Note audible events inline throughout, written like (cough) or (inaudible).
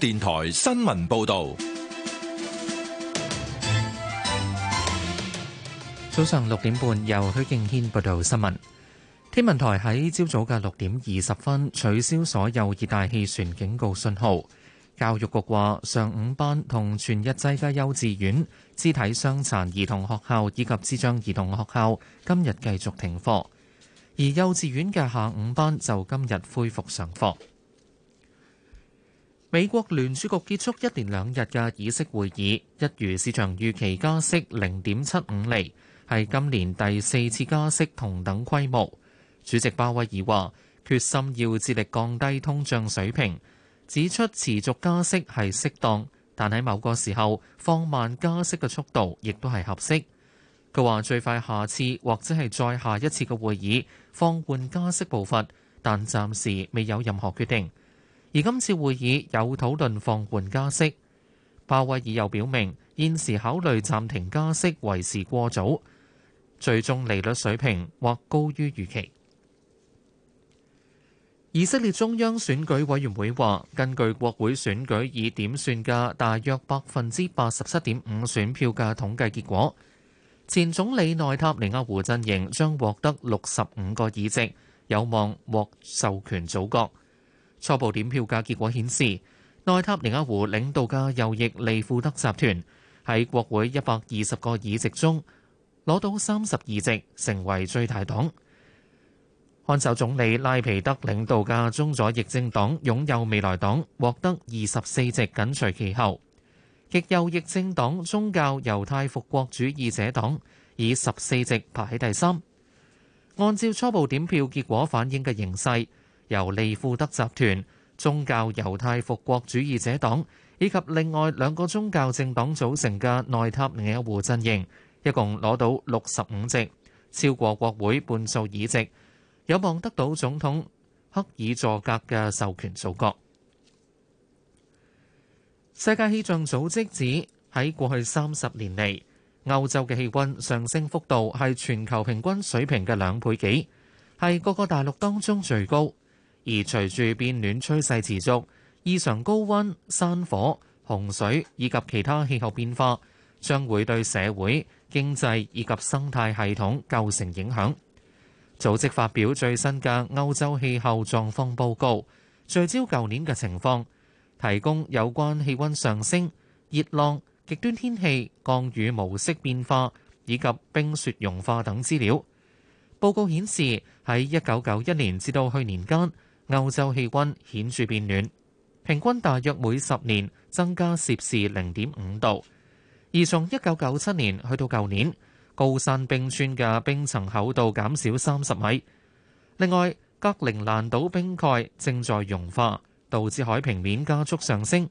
電台新聞報道：早上六點半，由許敬軒報道新聞。天文台喺朝早嘅六點二十分取消所有熱帶氣旋警告信號。教育局話，上午班同全日制嘅幼稚園、肢體傷殘兒童學校以及智障兒童學校今日繼續停課，而幼稚園嘅下午班就今日恢復上課。美國聯儲局結束一連兩日嘅議息會議，一如市場預期加息零點七五厘，係今年第四次加息同等規模。主席鮑威爾話：決心要致力降低通脹水平，指出持續加息係適當，但喺某個時候放慢加息嘅速度亦都係合適。佢話最快下次或者係再下一次嘅會議放緩加息步伐，但暫時未有任何決定。而今次會議有討論放緩加息，鮑威爾又表明現時考慮暫停加息為時過早，最終利率水平或高於預期。以色列中央選舉委員會話，根據國會選舉已點算嘅大約百分之八十七點五選票嘅統計結果，前總理內塔尼亞胡陣營將獲得六十五個議席，有望獲授權組閣。初步點票嘅結果顯示，內塔尼亞胡領導嘅右翼利庫德集團喺國會一百二十個議席中攞到三十二席，成為最大黨。看守總理拉皮德領導嘅中左翼政黨擁有未來黨獲得二十四席，緊隨其後。極右翼政黨宗教猶太復國主義者黨以十四席排喺第三。按照初步點票結果反映嘅形勢，由利富德集團、宗教猶太復國主義者黨以及另外兩個宗教政黨組成嘅內塔尼亞胡陣營，一共攞到六十五席，超過國會半數議席，有望得到總統克爾佐格嘅授權組閣。世界氣象組織指喺過去三十年嚟，歐洲嘅氣温上升幅度係全球平均水平嘅兩倍幾，係各個大陸當中最高。而隨住變暖趨勢持續，異常高温、山火、洪水以及其他氣候變化將會對社會、經濟以及生態系統構成影響。組織發表最新嘅歐洲氣候狀況報告，聚焦舊年嘅情況，提供有關氣温上升、熱浪、極端天氣、降雨模式變化以及冰雪融化等資料。報告顯示，喺一九九一年至到去年間，歐洲氣温顯著變暖，平均大約每十年增加攝氏零點五度。而從一九九七年去到舊年，高山冰川嘅冰層厚度減少三十米。另外，格陵蘭島冰蓋正在融化，導致海平面加速上升。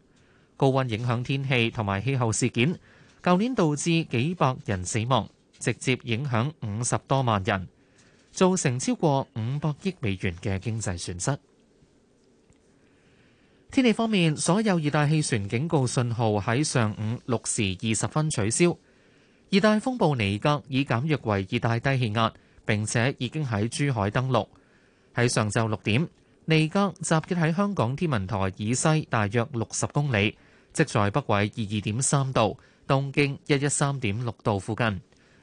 高温影響天氣同埋氣候事件，舊年導致幾百人死亡，直接影響五十多萬人。造成超過五百億美元嘅經濟損失。天氣方面，所有熱帶氣旋警告信號喺上午六時二十分取消。熱帶風暴尼格已減弱為熱帶低氣壓，並且已經喺珠海登陸。喺上晝六點，尼格集結喺香港天文台以西大約六十公里，即在北緯二二點三度、東經一一三點六度附近。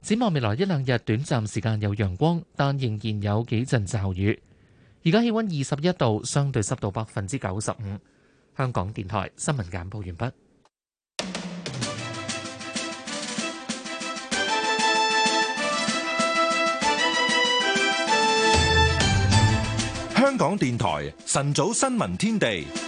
展望未來一兩日，短暫時間有陽光，但仍然有幾陣驟雨。而家氣溫二十一度，相對濕度百分之九十五。香港電台新聞簡報完畢。香港電台晨早新聞天地。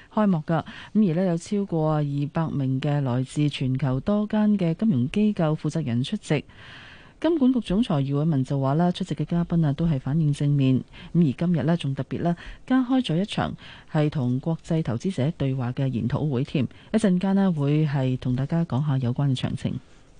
開幕噶，咁而咧有超過二百名嘅來自全球多間嘅金融機構負責人出席。金管局總裁余偉文就話啦，出席嘅嘉賓啊都係反映正面，咁而今日咧仲特別咧加開咗一場係同國際投資者對話嘅研討會添。一陣間咧會係同大家講下有關嘅詳情。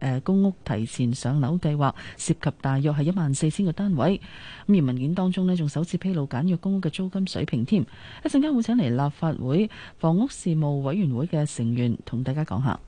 誒公屋提前上樓計劃涉及大約係一萬四千個單位，咁而文件當中咧仲首次披露簡約公屋嘅租金水平添。一陣間會請嚟立法會房屋事務委員會嘅成員同大家講下。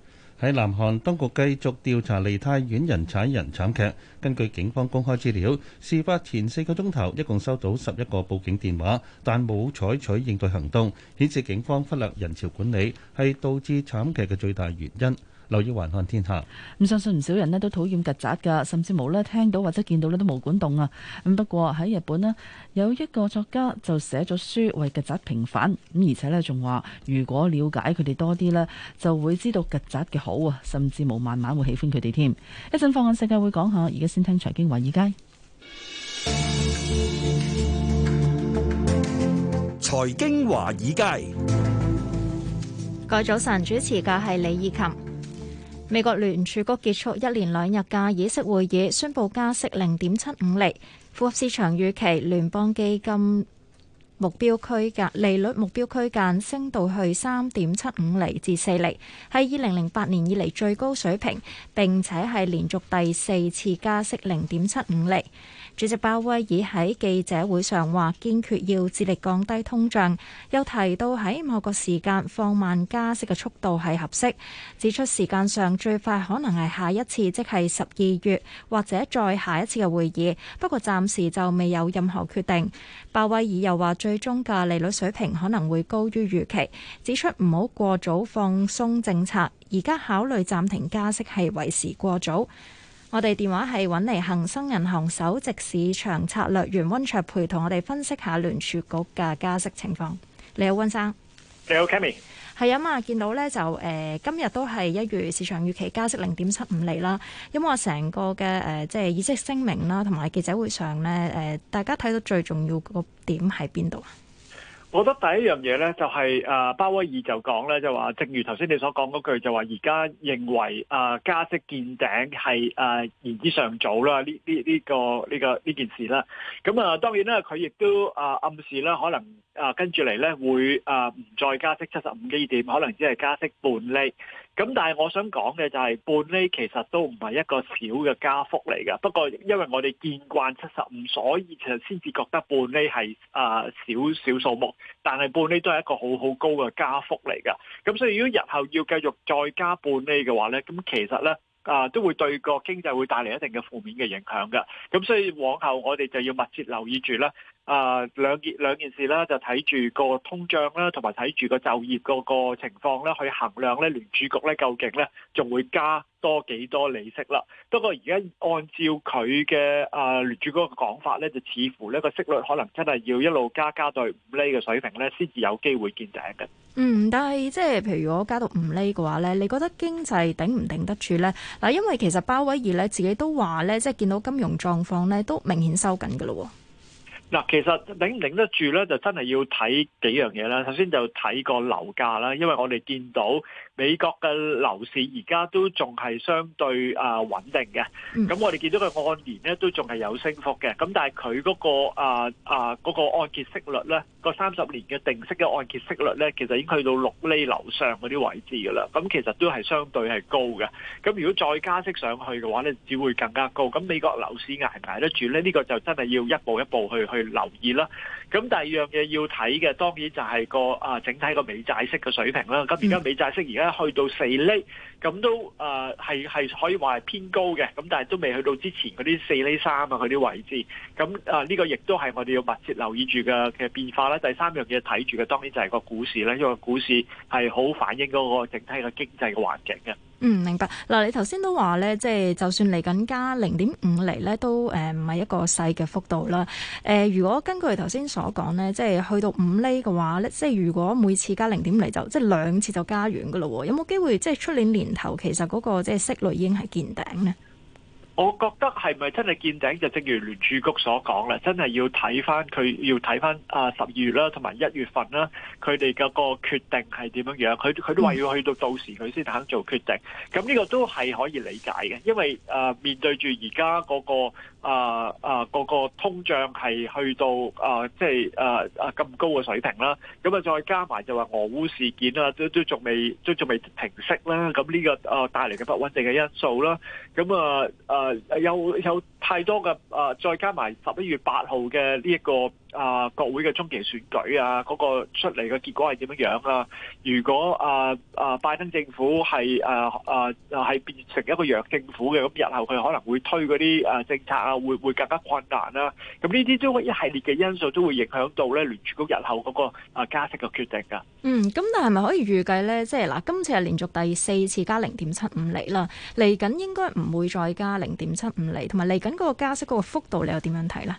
喺南韓，當局繼續調查梨泰院人踩人慘劇。根據警方公開資料，事發前四個鐘頭一共收到十一個報警電話，但冇採取應對行動，顯示警方忽略人潮管理係導致慘劇嘅最大原因。留意雲看天下。咁相信唔少人咧都討厭曱甴㗎，甚至乎咧聽到或者見到咧都冇管棟啊。咁不過喺日本咧有一個作家就寫咗書為曱甴平反。咁而且咧仲話，如果了解佢哋多啲咧，就會知道曱甴嘅好啊，甚至乎慢慢會喜歡佢哋添。一陣放眼世界會講下，而家先聽財經華爾街。財經華爾街，各位早晨，主持嘅係李以琴。美國聯儲局結束一連兩日嘅議息會議，宣佈加息0.75厘，符合市場預期。聯邦基金目標區間利率目標區間升到去3.75厘至四厘，係二零零八年以嚟最高水平，並且係連續第四次加息0.75厘。主席鮑威爾喺記者會上話，堅決要致力降低通脹，又提到喺某個時間放慢加息嘅速度係合適。指出時間上最快可能係下一次，即係十二月或者再下一次嘅會議，不過暫時就未有任何決定。鮑威爾又話，最終嘅利率水平可能會高於預期，指出唔好過早放鬆政策，而家考慮暫停加息係為時過早。我哋電話係揾嚟，恒生銀行首席市場策略員溫卓培，同我哋分析下聯儲局嘅加息情況。你好，溫生。你好 k a m m y 係啊嘛，見到呢就誒、呃，今日都係一月市場預期加息零點七五厘啦。咁、嗯、我成個嘅誒、即、呃、係、就是、議息聲明啦，同埋記者會上呢，誒、呃，大家睇到最重要個點喺邊度啊？我覺得第一樣嘢咧，就係、是、誒、呃、鮑威爾就講咧，就話正如頭先你所講嗰句，就話而家認為誒、呃、加息見頂係誒、呃、言之尚早啦，呢呢呢個呢、這個呢件事啦。咁、嗯、啊，當然啦，佢亦都誒暗示啦，可能誒、呃、跟住嚟咧會誒唔、呃、再加息七十五基點，可能只係加息半厘。咁但係我想講嘅就係半厘，其實都唔係一個小嘅加幅嚟噶。不過因為我哋見慣七十五，所以其實先至覺得半厘係啊少少數目。但係半厘都係一個好好高嘅加幅嚟噶。咁所以如果日後要繼續再加半厘嘅話咧，咁其實咧啊都會對個經濟會帶嚟一定嘅負面嘅影響嘅。咁所以往後我哋就要密切留意住啦。啊，兩件兩件事啦，就睇住個通脹啦，同埋睇住個就業嗰個情況啦，去衡量咧聯儲局咧究竟咧仲會加多幾多利息啦。不過而家按照佢嘅啊聯儲局嘅講法咧，就似乎呢個息率可能真係要一路加加到五厘嘅水平咧，先至有機會見頂嘅。嗯，但係即係譬如我加到五厘嘅話咧，你覺得經濟頂唔頂得住咧？嗱，因為其實鮑威爾咧自己都話咧，即係見到金融狀況咧都明顯收緊嘅咯。嗱，其實頂唔頂得住咧，就真係要睇幾樣嘢啦。首先就睇個樓價啦，因為我哋見到美國嘅樓市而家都仲係相對啊穩定嘅。咁我哋見到佢按年咧都仲係有升幅嘅。咁但係佢嗰個啊啊嗰個按揭息率咧，個三十年嘅定息嘅按揭息率咧，其實已經去到六厘樓上嗰啲位置㗎喇。咁其實都係相對係高嘅。咁如果再加息上去嘅話咧，只會更加高。咁美國樓市捱唔捱得住咧？呢個就真係要一步一步去去留意啦，咁第二樣嘢要睇嘅，當然就係個啊整體個美債息嘅水平啦。咁而家美債息而家去到四厘，咁都啊係係可以話係偏高嘅，咁但係都未去到之前嗰啲四厘三啊嗰啲位置。咁啊呢個亦都係我哋要密切留意住嘅嘅變化啦。第三樣嘢睇住嘅，當然就係個股市啦，因為個股市係好反映嗰個整體嘅經濟嘅環境嘅。嗯，明白。嗱，你頭先都話咧，即係就算嚟緊加零點五厘咧，都誒唔係一個細嘅幅度啦。誒、呃，如果根據頭先所講咧，即係去到五厘嘅話咧，即係如果每次加零點五釐就即係兩次就加完㗎咯喎，有冇機會即係出年年頭其實嗰個即係息率已經係見頂咧？我覺得係咪真係見頂，就正如聯儲局所講啦，真係要睇翻佢，要睇翻啊十二月啦，同埋一月份啦，佢哋個個決定係點樣樣？佢佢都話要去到到時佢先肯做決定。咁呢個都係可以理解嘅，因為啊面對住而家嗰個啊啊嗰、啊、個通脹係去到啊即係啊啊咁、啊、高嘅水平啦。咁啊再加埋就話俄烏事件啊，都都仲未都仲未平息啦。咁呢個啊帶嚟嘅不穩定嘅因素啦。咁啊啊。誒、呃，有有太多嘅誒、呃，再加埋十一月八號嘅呢一個啊，國會嘅中期選舉啊，嗰、那個出嚟嘅結果係點樣樣、啊、啦？如果啊啊拜登政府係啊啊係變成一個弱政府嘅，咁日後佢可能會推嗰啲啊政策啊，會會更加困難啦、啊。咁呢啲都一系列嘅因素都會影響到咧，聯儲局日後嗰個啊加息嘅決定噶、啊。嗯，咁但係咪可以預計咧？即係嗱，今次係連續第四次加零點七五厘啦，嚟緊應該唔會再加零點七五厘，同埋嚟緊嗰個加息嗰個幅度，你又點樣睇咧？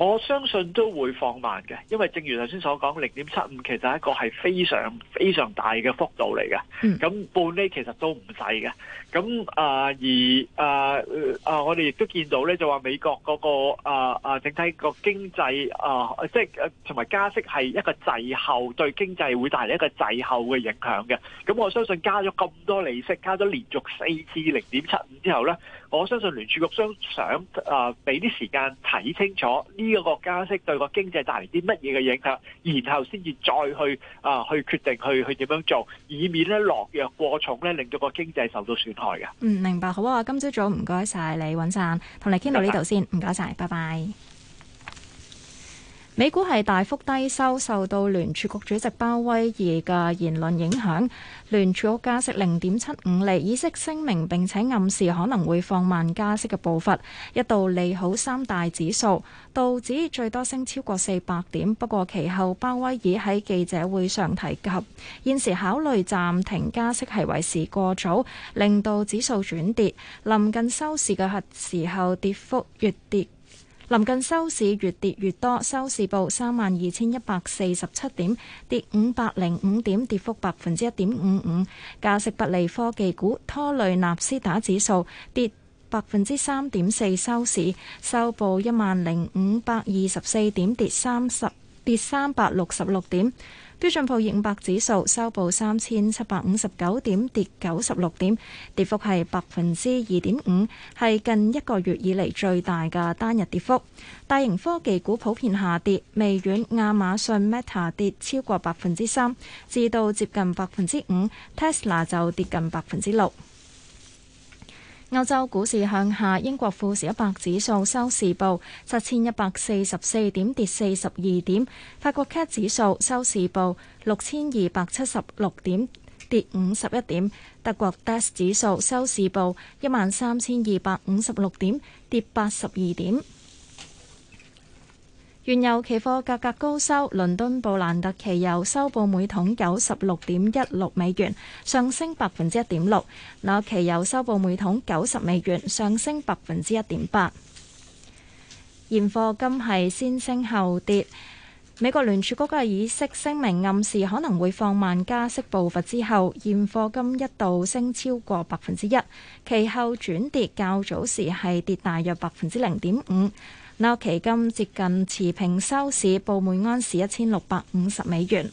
我相信都會放慢嘅，因為正如頭先所講，零點七五其實係一個係非常非常大嘅幅度嚟嘅。咁、嗯、半厘其實都唔細嘅。咁啊、呃、而啊啊、呃呃呃，我哋亦都見到咧，就話美國嗰、那個啊啊、呃、整體個經濟啊、呃，即係誒同埋加息係一個滯後對經濟會帶嚟一個滯後嘅影響嘅。咁我相信加咗咁多利息，加咗連續四次零點七五之後咧。我相信聯儲局將想啊俾啲時間睇清楚呢一個加息對個經濟帶嚟啲乜嘢嘅影響，然後先至再去啊、呃、去決定去去點樣做，以免咧落藥過重咧令到個經濟受到損害嘅。嗯，明白。好啊，今朝早唔該晒你，尹生同你傾到呢度先，唔該晒，拜拜。美股係大幅低收，受到聯儲局主席鮑威爾嘅言論影響。聯儲局加息零點七五厘，議息聲明並且暗示可能會放慢加息嘅步伐，一度利好三大指數，道指最多升超過四百點。不過其後鮑威爾喺記者會上提及，現時考慮暫停加息係為時過早，令到指數轉跌。臨近收市嘅時候，跌幅越跌。臨近收市，越跌越多。收市報三萬二千一百四十七點，跌五百零五點，跌幅百分之一點五五。加息不利科技股拖累納斯達指數跌百分之三點四，收市收報一萬零五百二十四點，跌三十跌三百六十六點。標準普爾五百指數收報三千七百五十九點，跌九十六點，跌幅係百分之二點五，係近一個月以嚟最大嘅單日跌幅。大型科技股普遍下跌，微軟、亞馬遜、Meta 跌超過百分之三，至到接近百分之五；Tesla 就跌近百分之六。歐洲股市向下，英國富時一百指數收市報七千一百四十四點，跌四十二點；法國 CAC 指數收市報六千二百七十六點，跌五十一點；德國 DAX 指數收市報一萬三千二百五十六點，跌八十二點。原油期貨價格高收，倫敦布蘭特期油收報每桶九十六點一六美元，上升百分之一點六；紐約期油收報每桶九十美元，上升百分之一點八。現貨金係先升後跌，美國聯儲局嘅議息聲明暗示可能會放慢加息步伐之後，現貨金一度升超過百分之一，其後轉跌，較早時係跌大約百分之零點五。紐期金接近持平收市，報每安士一千六百五十美元。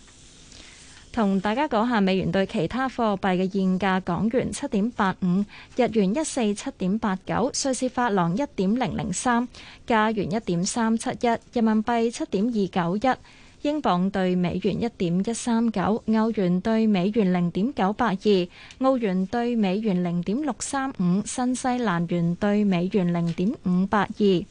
同大家講下美元對其他貨幣嘅現價：港元七點八五，日元一四七點八九，瑞士法郎一點零零三，加元一點三七一，人民幣七點二九一，英鎊兌美元一點一三九，歐元兌美元零點九八二，澳元兌美元零點六三五，新西蘭元兌美元零點五八二。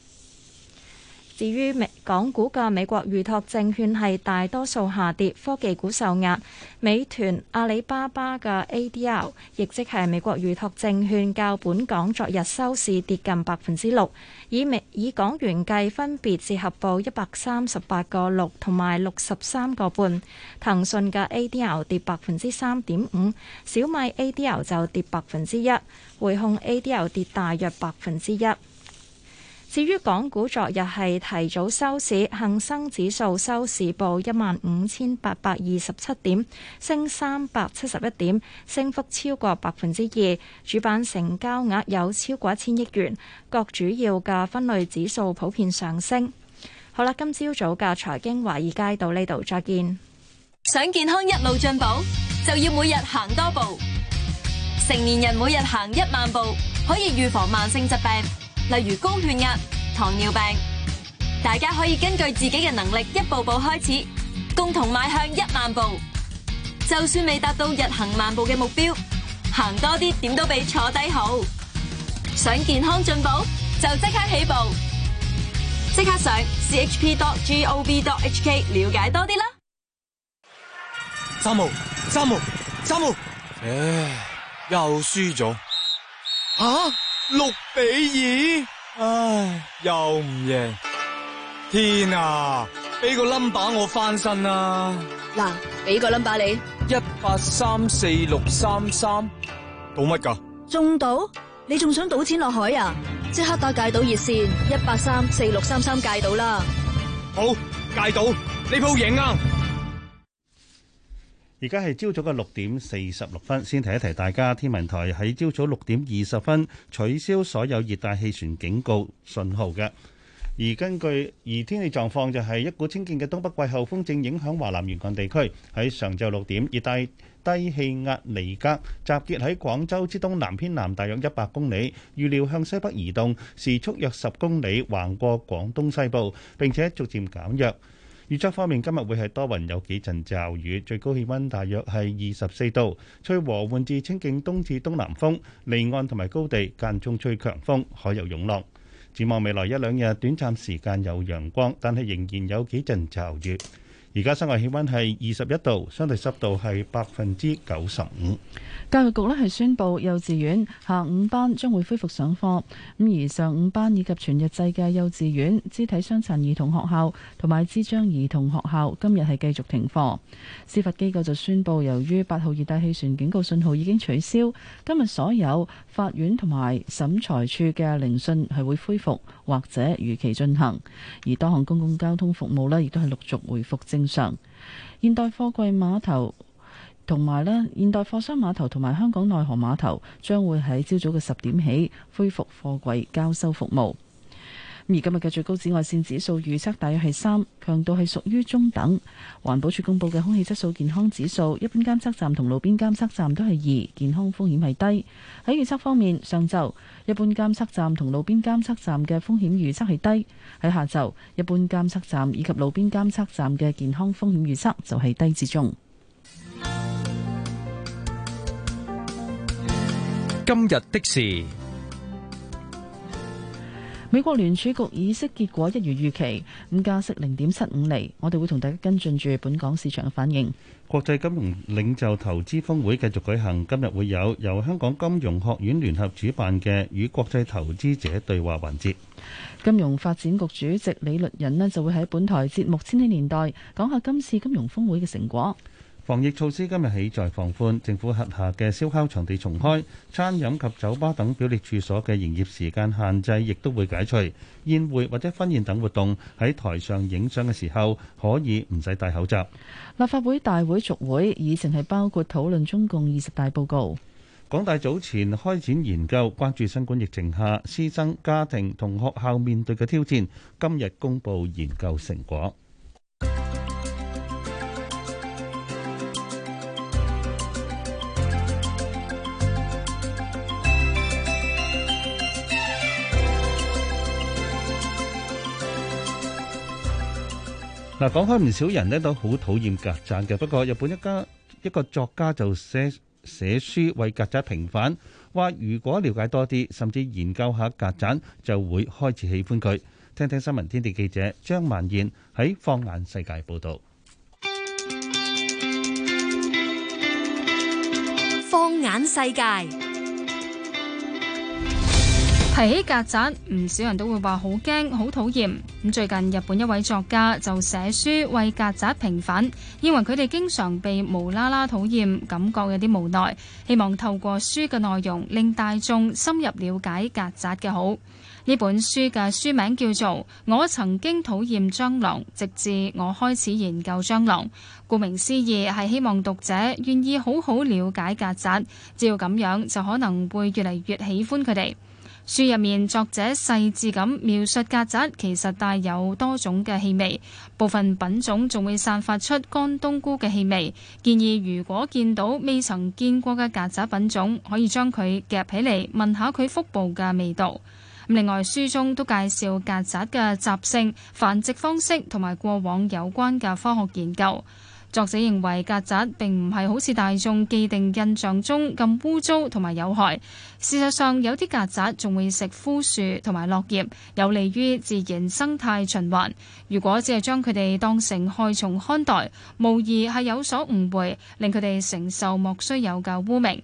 至於美港股嘅美國預託證券係大多數下跌，科技股受壓。美團、阿里巴巴嘅 ADR 亦即係美國預託證券，較本港昨日收市跌近百分之六，以美以港元計分別折合報一百三十八個六同埋六十三個半。騰訊嘅 ADR 跌百分之三點五，小米 ADR 就跌百分之一，匯控 ADR 跌大約百分之一。至於港股昨日係提早收市，恒生指數收市報一萬五千八百二十七點，升三百七十一點，升幅超過百分之二。主板成交額有超過一千億元，各主要嘅分類指數普遍上升。好啦，今朝早嘅財經華爾街到呢度，再見。想健康一路進步，就要每日行多步。成年人每日行一萬步，可以預防慢性疾病。例如高血壓、糖尿病，大家可以根據自己嘅能力一步步開始，共同邁向一萬步。就算未達到日行萬步嘅目標，行多啲點都比坐低好。想健康進步，就即刻起步，即刻上 chp.gov.hk 了解多啲啦。三毛，三毛，三毛，唉，又輸咗。吓？六比二，唉，又唔贏，天啊！俾個 number 我翻身啦！嗱，俾個 number 你，一八三四六三三，賭乜噶？仲賭？你仲想賭錢落海呀？即刻打戒賭熱線一八三四六三三戒賭啦！好，戒賭，你鋪贏啊。而家係朝早嘅六點四十六分，先提一提大家。天文台喺朝早六點二十分取消所有熱帶氣旋警告信號嘅。而根據而天氣狀況，就係一股清勁嘅東北季候風正影響華南沿岸地區。喺上晝六點，熱帶低氣壓尼格集結喺廣州之東南偏南大約一百公里，預料向西北移動，時速約十公里，橫過廣東西部，並且逐漸減弱。預測方面，今日會係多雲，有幾陣驟雨，最高氣溫大約係二十四度，吹和緩至清勁東至東南風，離岸同埋高地間中吹強風，海有湧浪。展望未來一兩日，短暫時間有陽光，但係仍然有幾陣驟雨。而家室外氣溫係二十一度，相對濕度係百分之九十五。教育局咧係宣布幼稚園下午班將會恢復上課，咁而上午班以及全日制嘅幼稚園、肢體傷殘兒童學校同埋智障兒童學校今日係繼續停課。司法機構就宣布，由於八號熱帶氣旋警告信號已經取消，今日所有法院同埋審裁處嘅聆訊係會恢復或者如期進行。而多項公共交通服務咧亦都係陸續回復正。上現代貨櫃碼頭同埋咧現代貨箱碼頭同埋香港內河碼頭將會喺朝早嘅十點起恢復貨櫃交收服務。而今日嘅最高紫外線指數預測大約係三，強度係屬於中等。環保署公布嘅空氣質素健康指數，一般監測站同路邊監測站都係二，健康風險係低。喺預測方面，上晝一般監測站同路邊監測站嘅風險預測係低；喺下晝一般監測站以及路邊監測站嘅健康風險預測就係低至中。今日的事。美國聯儲局議息結果一如預期，咁加息零點七五厘。我哋會同大家跟進住本港市場嘅反應。國際金融領袖投資峰會繼續舉行，今日會有由香港金融學院聯合主辦嘅與國際投資者對話環節。金融發展局主席李律仁呢就會喺本台節目《千禧年代》講下今次金融峰會嘅成果。防疫措施今日起再放寬，政府轄下嘅燒烤場地重開，餐飲及酒吧等表列處所嘅營業時間限制亦都會解除。宴會或者婚宴等活動喺台上影相嘅時候可以唔使戴口罩。立法會大會續會，議程係包括討論中共二十大報告。港大早前開展研究，關注新冠疫情下師生家庭同學校面對嘅挑戰，今日公布研究成果。嗱，講開唔少人咧都好討厭曱甴嘅，不過日本一家一個作家就寫寫書為曱甴平反，話如果了解多啲，甚至研究下曱甴，就會開始喜歡佢。聽聽新聞天地記者張萬燕喺《放眼世界》報道，《方眼世界》。提起曱甴，唔少人都會話好驚，好討厭。咁最近日本一位作家就寫書為曱甴平反，因為佢哋經常被無啦啦討厭，感覺有啲無奈。希望透過書嘅內容令大眾深入了解曱甴嘅好。呢本書嘅書名叫做《我曾經討厭蟑螂，直至我開始研究蟑螂》。顧名思義，係希望讀者願意好好了解曱甴，只要咁樣就可能會越嚟越喜歡佢哋。書入面作者細緻咁描述曱甴，其實帶有多種嘅氣味，部分品種仲會散發出乾冬菇嘅氣味。建議如果見到未曾見過嘅曱甴品種，可以將佢夾起嚟聞下佢腹部嘅味道。另外，書中都介紹曱甴嘅習性、繁殖方式同埋過往有關嘅科學研究。作者認為曱甴並唔係好似大眾既定印象中咁污糟同埋有害，事實上有啲曱甴仲會食枯樹同埋落葉，有利於自然生態循環。如果只係將佢哋當成害蟲看待，無疑係有所誤會，令佢哋承受莫須有嘅污名。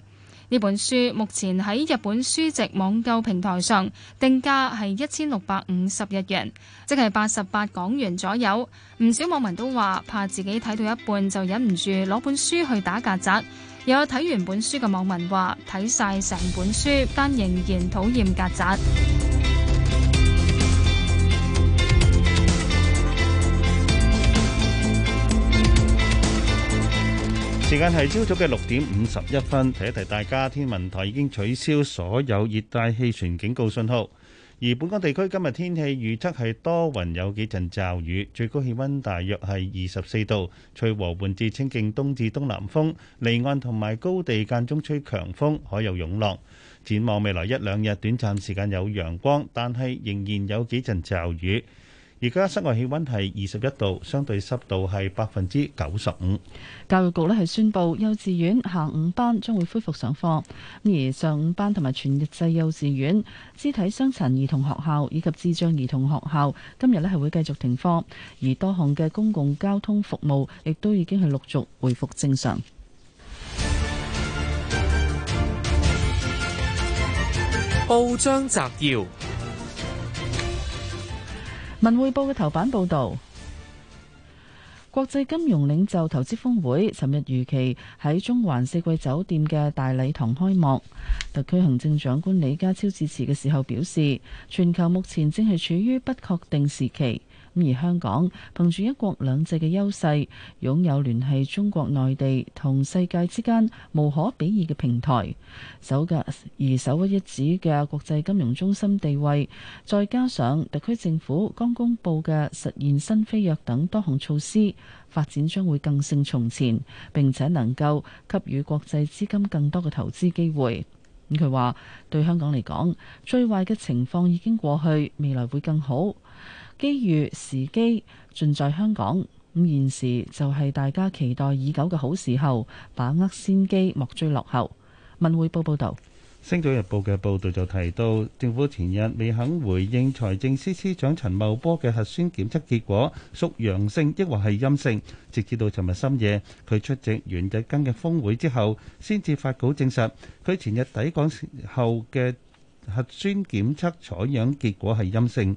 呢本書目前喺日本書籍網購平台上定價係一千六百五十日元，即係八十八港元左右。唔少網民都話怕自己睇到一半就忍唔住攞本書去打曱甴，又有睇完本書嘅網民話睇晒成本書，但仍然討厭曱甴。時間係朝早嘅六點五十一分，提一提大家，天文台已經取消所有熱帶氣旋警告信號。而本港地區今日天氣預測係多雲有幾陣驟雨，最高氣溫大約係二十四度。吹和緩至清勁東至東南風，離岸同埋高地間中吹強風，海有湧浪。展望未來一兩日，短暫時間有陽光，但係仍然有幾陣驟雨。而家室外氣溫係二十一度，相對濕度係百分之九十五。教育局呢係宣布，幼稚園下午班將會恢復上課，而上午班同埋全日制幼稚園、肢體傷殘兒童學校以及智障兒童學校今日呢係會繼續停課，而多項嘅公共交通服務亦都已經係陸續恢復正常。報章摘要。文匯報嘅頭版報道，國際金融領袖投資峰會尋日如期喺中環四季酒店嘅大禮堂開幕。特區行政長官李家超致辭嘅時候表示，全球目前正係處於不確定時期。咁而香港憑住一國兩制嘅優勢，擁有聯繫中國內地同世界之間無可比擬嘅平台，首嘅而首屈一指嘅國際金融中心地位，再加上特區政府剛公布嘅實現新飛躍等多項措施，發展將會更勝從前，並且能夠給予國際資金更多嘅投資機會。佢、嗯、話對香港嚟講，最壞嘅情況已經過去，未來會更好。機遇時機盡在香港，咁現時就係大家期待已久嘅好時候，把握先機，莫追落後。文匯報報道，《星島日報》嘅報道就提到，政府前日未肯回應財政司司，司長陳茂波嘅核酸檢測結果屬陽性，抑或係陰性，直至到尋日深夜，佢出席完日根嘅峰會之後，先至發稿證實佢前日抵港後嘅核酸檢測採樣結果係陰性。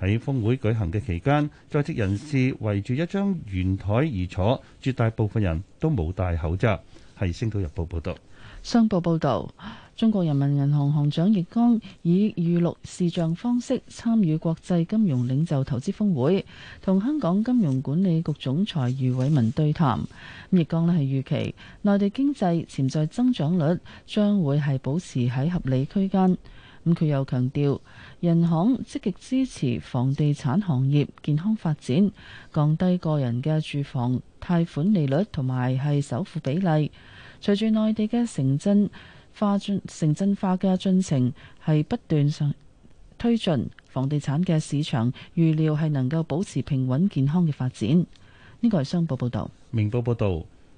喺峰會舉行嘅期間，在席人士圍住一張圓台而坐，絕大部分人都冇戴口罩。係《星島日報》報道，《商報》報道，中國人民銀行行長易綱以預錄視像方式參與國際金融領袖投資峰會，同香港金融管理局總裁余偉文對談。易綱咧係預期內地經濟潛在增長率將會係保持喺合理區間。咁佢又強調。人行積極支持房地產行業健康發展，降低個人嘅住房貸款利率同埋係首付比例。隨住內地嘅城鎮化進城鎮化嘅進程係不斷上推進，房地產嘅市場預料係能夠保持平穩健康嘅發展。呢個係商報報道。明報報道，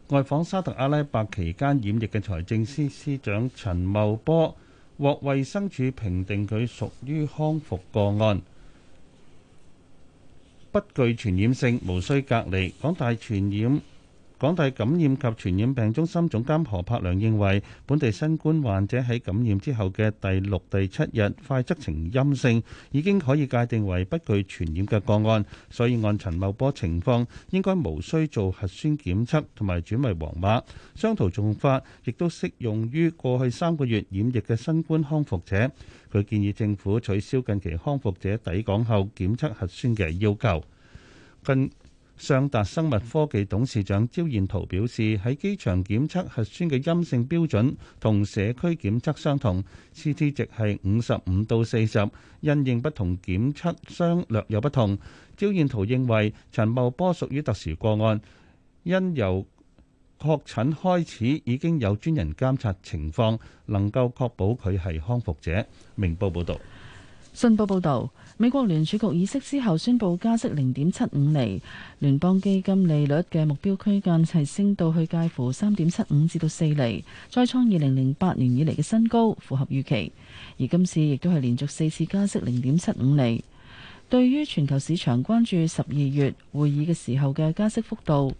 外訪沙特阿拉伯期間染疫嘅財政司司長陳茂波，獲衛生署評定佢屬於康復個案，不具傳染性，無需隔離。港大傳染港大感染及傳染病中心總監何柏良認為，本地新冠患者喺感染之後嘅第六、第七日快測呈陰性，已經可以界定為不具傳染嘅個案，所以按陳茂波情況，應該無需做核酸檢測同埋轉為黃碼。相同做法，亦都適用於過去三個月染疫嘅新冠康復者。佢建議政府取消近期康復者抵港後檢測核酸嘅要求。近上達生物科技董事長焦彥圖表示，喺機場檢測核酸嘅陰性標準同社區檢測相同，CT 值係五十五到四十，因應不同檢測商略有不同。焦彥圖認為陳茂波屬於特殊個案，因由確診開始已經有專人監察情況，能夠確保佢係康復者。明報報道、信報報道。美國聯儲局議息之後宣布加息零點七五厘，聯邦基金利率嘅目標區間係升到去介乎三點七五至到四厘，再創二零零八年以嚟嘅新高，符合預期。而今次亦都係連續四次加息零點七五厘。對於全球市場關注十二月會議嘅時候嘅加息幅度，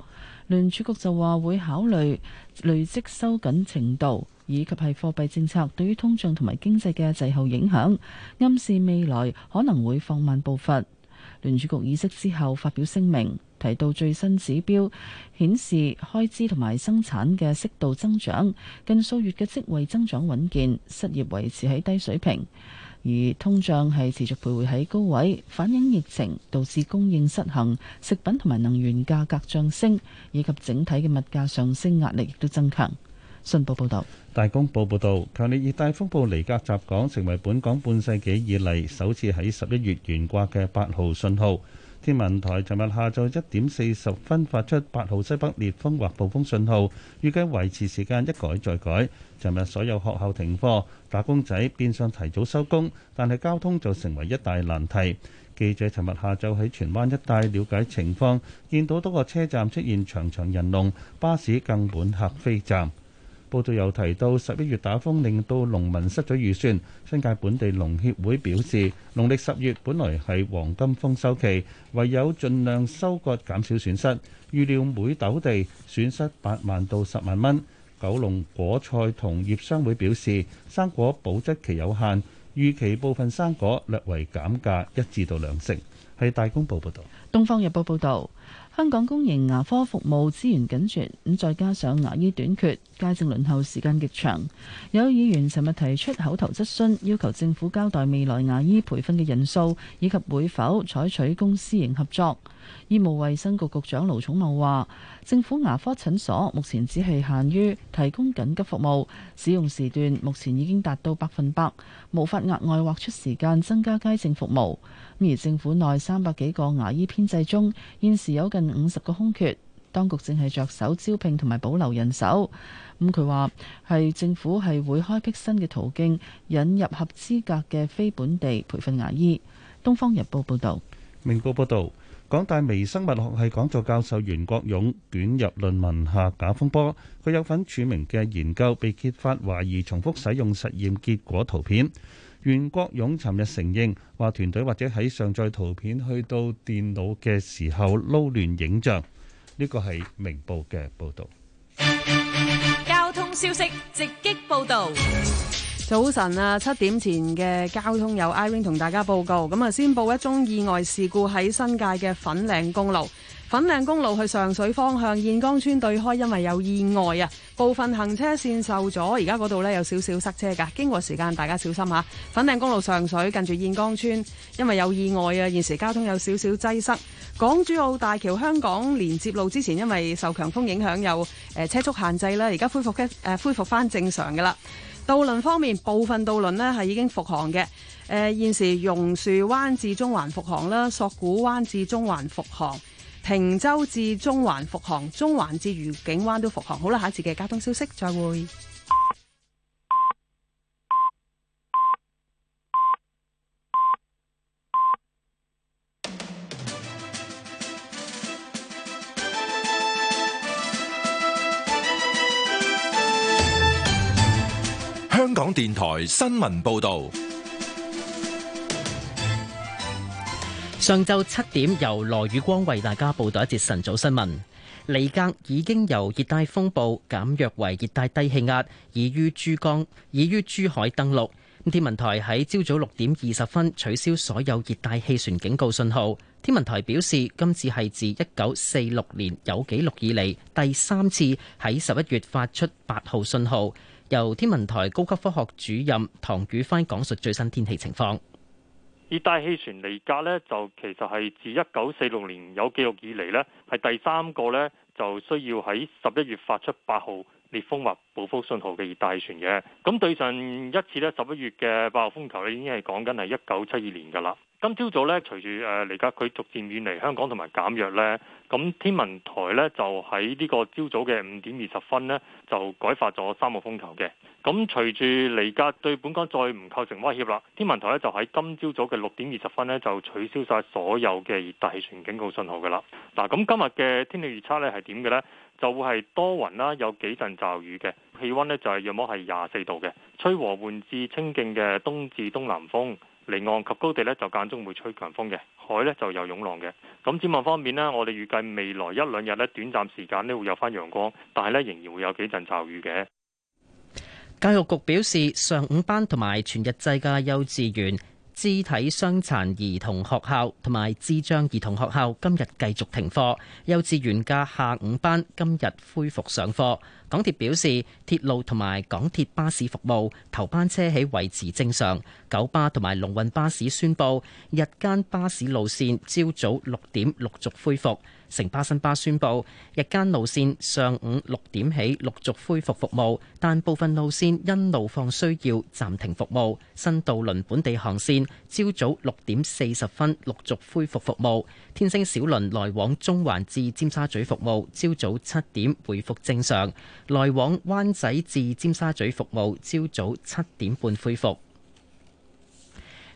聯儲局就話會考慮累積收緊程度。以及係貨幣政策對於通脹同埋經濟嘅滯後影響，暗示未來可能會放慢步伐。聯儲局議息之後發表聲明，提到最新指標顯示開支同埋生產嘅適度增長，近數月嘅職位增長穩健，失業維持喺低水平，而通脹係持續徘徊喺高位，反映疫情導致供應失衡，食品同埋能源價格上升，以及整體嘅物價上升壓力亦都增強。信報報導，大公報報導，強烈熱帶風暴尼格襲港，成為本港半世紀以嚟首次喺十一月懸掛嘅八號信號。天文台尋日下晝一點四十分發出八號西北烈風或暴風信號，預計維持時間一改再改。尋日所有學校停課，打工仔變相提早收工，但係交通就成為一大難題。記者尋日下晝喺荃灣一帶瞭解情況，見到多個車站出現長長人龍，巴士更滿客飛站。報道又提到十一月打風令到農民失咗預算，新界本地農協會表示，農曆十月本來係黃金豐收期，唯有盡量收割減少損失，預料每斗地損失八萬到十萬蚊。九龍果菜同業商會表示，生果保質期有限，預期部分生果略為減價一至到兩成。係大公報報導，《東方日報》報導。香港公營牙科服務資源緊缺，咁再加上牙醫短缺，街症輪候時間極長。有議員尋日提出口頭質詢，要求政府交代未來牙醫培訓嘅人數，以及會否採取公私營合作。醫務衛生局局長盧寵茂話，政府牙科診所目前只係限於提供緊急服務，使用時段目前已經達到百分百。無法額外劃出時間增加街政服務，而政府內三百幾個牙醫編制中，現時有近五十個空缺，當局正係着手招聘同埋保留人手。咁佢話係政府係會開闢新嘅途徑，引入合資格嘅非本地培訓牙醫。《東方日報》報道。明報報導。港大微生物學系講座教授袁國勇捲入論文下假風波，佢有份署名嘅研究被揭發懷疑重複使用實驗結果圖片。袁國勇尋日承認話團隊或者喺上載圖片去到電腦嘅時候撈亂影像，呢個係明報嘅報道。交通消息直擊報道。早晨啊，七點前嘅交通有 Irene 同大家報告。咁啊，先報一宗意外事故喺新界嘅粉嶺公路。粉嶺公路去上水方向燕江村對開，因為有意外啊，部分行車線受阻，而家嗰度呢，有少少塞車噶。經過時間，大家小心吓。粉嶺公路上水近住燕江村，因為有意外啊，現時交通有少少擠塞。港珠澳大橋香港連接路之前，因為受強風影響，有誒車速限制啦，而家恢復一誒恢復翻正常嘅啦。渡輪方面，部分渡輪呢係已經復航嘅。誒、呃，現時榕樹灣至中環復航啦，索罟灣至中環復航，坪洲至中環復航，中環至愉景灣都復航。好啦，下一次嘅交通消息，再會。香港電台新聞報道，上晝七點由羅宇光為大家報道一節晨早新聞。尼格已經由熱帶風暴減弱為熱帶低氣壓，已於珠江、已於珠海登陸。天文台喺朝早六點二十分取消所有熱帶氣旋警告信號。天文台表示，今次係自一九四六年有紀錄以嚟第三次喺十一月發出八號信號。由天文台高級科學主任唐宇輝講述最新天氣情況。熱帶氣旋離格呢，就其實係自一九四六年有記錄以嚟呢，係第三個呢就需要喺十一月發出八號烈風或暴風信號嘅熱帶氣旋嘅。咁對上一次呢，十一月嘅八號風球咧，已經係講緊係一九七二年㗎喇。今朝早咧，隨住誒尼格佢逐漸遠離香港同埋減弱咧，咁天文台咧就喺呢個朝早嘅五點二十分咧，就改發咗三個風球嘅。咁隨住尼格對本港再唔構成威脅啦，天文台咧就喺今朝早嘅六點二十分咧，就取消晒所有嘅熱帶氣旋警告信號㗎啦。嗱，咁今日嘅天氣預測咧係點嘅咧？就會係多雲啦，有幾陣驟雨嘅，氣温咧就係約莫係廿四度嘅，吹和緩至清勁嘅東至東南風。離岸及高地咧就間中會吹強風嘅，海咧就有湧浪嘅。咁展望方面咧，我哋預計未來一兩日咧，短暫時間咧會有翻陽光，但係咧仍然會有幾陣驟雨嘅。教育局表示，上午班同埋全日制嘅幼稚園。肢體傷殘兒童學校同埋智障兒童學校今日繼續停課，幼稚園嘅下午班今日恢復上課。港鐵表示，鐵路同埋港鐵巴士服務頭班車喺維持正常，九巴同埋龍運巴士宣布日間巴士路線朝早六點陸續恢復。城巴新巴宣布，日間路線上午六點起陸續恢復服務，但部分路線因路況需要暫停服務。新渡輪本地航線朝早六點四十分陸續恢復服務，天星小輪來往中環至尖沙咀服務朝早七點回復正常，來往灣仔至尖沙咀服務朝早七點半恢復。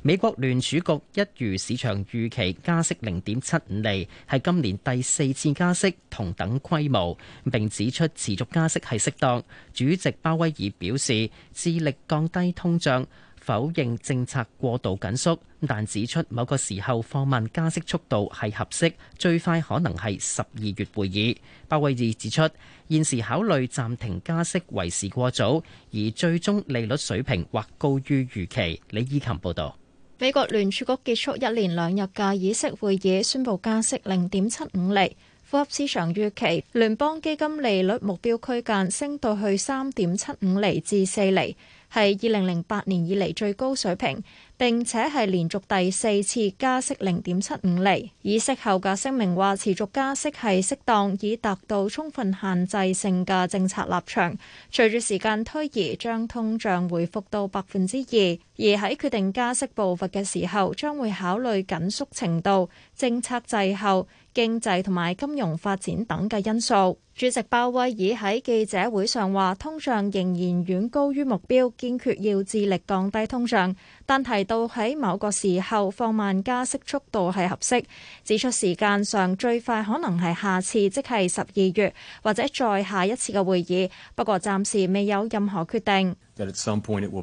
美國聯儲局一如市場預期加息零點七五釐，係今年第四次加息同等規模。並指出持續加息係適當。主席鮑威爾表示致力降低通脹，否認政策過度緊縮，但指出某個時候放慢加息速度係合適，最快可能係十二月會議。鮑威爾指出現時考慮暫停加息為時過早，而最終利率水平或高於預期。李依琴報導。美國聯儲局結束一連兩日嘅議息會議，宣布加息0.75厘，符合市場預期。聯邦基金利率目標區間升到去3.75厘至四厘。係二零零八年以嚟最高水平，並且係連續第四次加息零點七五厘。以息後嘅聲明話，持續加息係適當，以達到充分限制性嘅政策立場。隨住時間推移，將通脹回復到百分之二，而喺決定加息步伐嘅時候，將會考慮緊縮程度、政策滯後、經濟同埋金融發展等嘅因素。主席鮑威爾喺記者會上話，通脹仍然遠高於目標，堅決要致力降低通脹。但提到喺某個時候放慢加息速度係合適，指出時間上最快可能係下次，即係十二月或者再下一次嘅會議。不過暫時未有任何決定。That at some point it will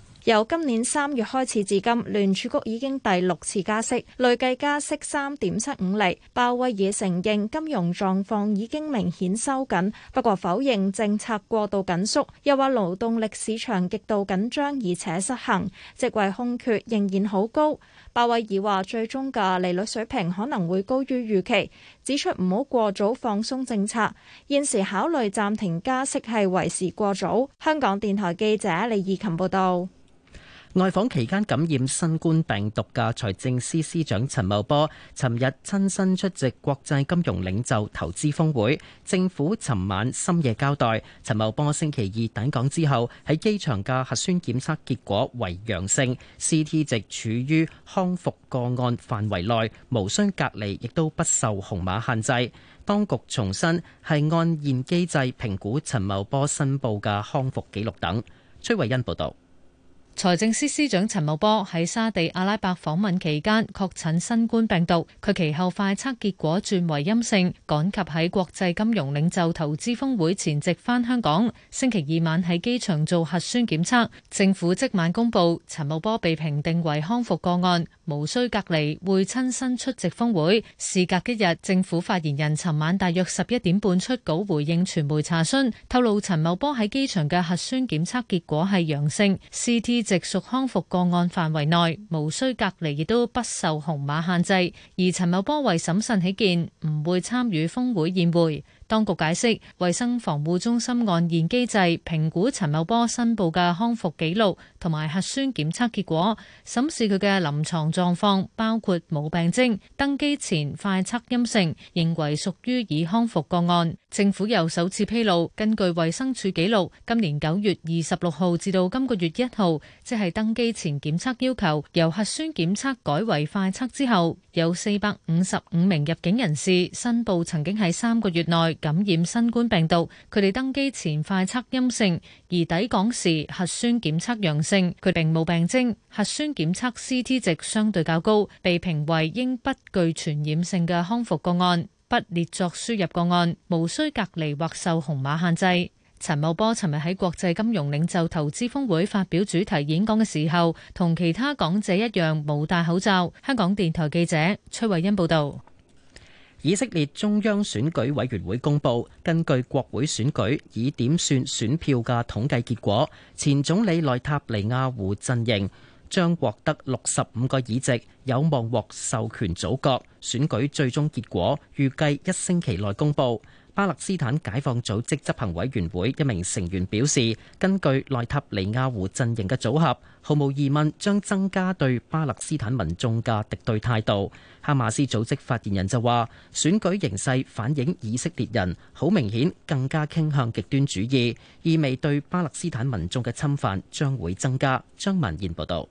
由今年三月開始至今，聯儲局已經第六次加息，累計加息三點七五厘。鮑威爾承認金融狀況已經明顯收緊，不過否認政策過度緊縮，又話勞動力市場極度緊張，而且失衡，職位空缺仍然好高。鮑威爾話：最終嘅利率水平可能會高於預期，指出唔好過早放鬆政策。現時考慮暫停加息係為時過早。香港電台記者李義琴報道。外訪期間感染新冠病毒嘅財政司司長陳茂波，尋日親身出席國際金融領袖投資峰會。政府尋晚深夜交代，陳茂波星期二抵港之後喺機場嘅核酸檢測結果為陽性，CT 值處於康復個案範圍內，無需隔離，亦都不受紅碼限制。當局重申係按現機制評估陳茂波申報嘅康復記錄等。崔慧欣報導。財政司司長陳茂波喺沙地阿拉伯訪問期間確診新冠病毒，佢其後快測結果轉為陰性，趕及喺國際金融領袖投資峰會前夕返香港。星期二晚喺機場做核酸檢測，政府即晚公布陳茂波被評定為康復個案。無需隔離，會親身出席峰會。事隔一日，政府發言人尋晚大約十一點半出稿回應傳媒查詢，透露陳茂波喺機場嘅核酸檢測結果係陽性，CT 值屬康復個案範圍內，無需隔離，亦都不受紅碼限制。而陳茂波為審慎起見，唔會參與峰會宴會。當局解釋，衞生防護中心按現機制評估陳茂波申報嘅康復記錄同埋核酸檢測結果，審視佢嘅臨床狀況，包括冇病徵、登機前快測陰性，認為屬於已康復個案。政府又首次披露，根據衛生署記錄，今年九月二十六號至到今個月一號，即係登機前檢測要求由核酸檢測改為快測之後，有四百五十五名入境人士申報曾經喺三個月內感染新冠病毒，佢哋登機前快測陰性，而抵港時核酸檢測陽性，佢並冇病徵，核酸檢測 CT 值相對較高，被評為應不具傳染性嘅康復個案。不列作輸入個案，無需隔離或受紅碼限制。陳茂波尋日喺國際金融領袖投資峰會發表主題演講嘅時候，同其他港者一樣冇戴口罩。香港電台記者崔慧欣報道：「以色列中央選舉委員會公布根據國會選舉以點算選票嘅統計結果，前總理內塔尼亞胡陣營，將獲得六十五個議席，有望獲授權組閣。選舉最終結果預計一星期內公布。巴勒斯坦解放組織執行委員會一名成員表示，根據內塔尼亞胡陣營嘅組合，毫無疑問將增加對巴勒斯坦民眾嘅敵對態度。哈馬斯組織發言人就話，選舉形勢反映以色列人好明顯更加傾向極端主義，意味對巴勒斯坦民眾嘅侵犯將會增加。張文賢報道。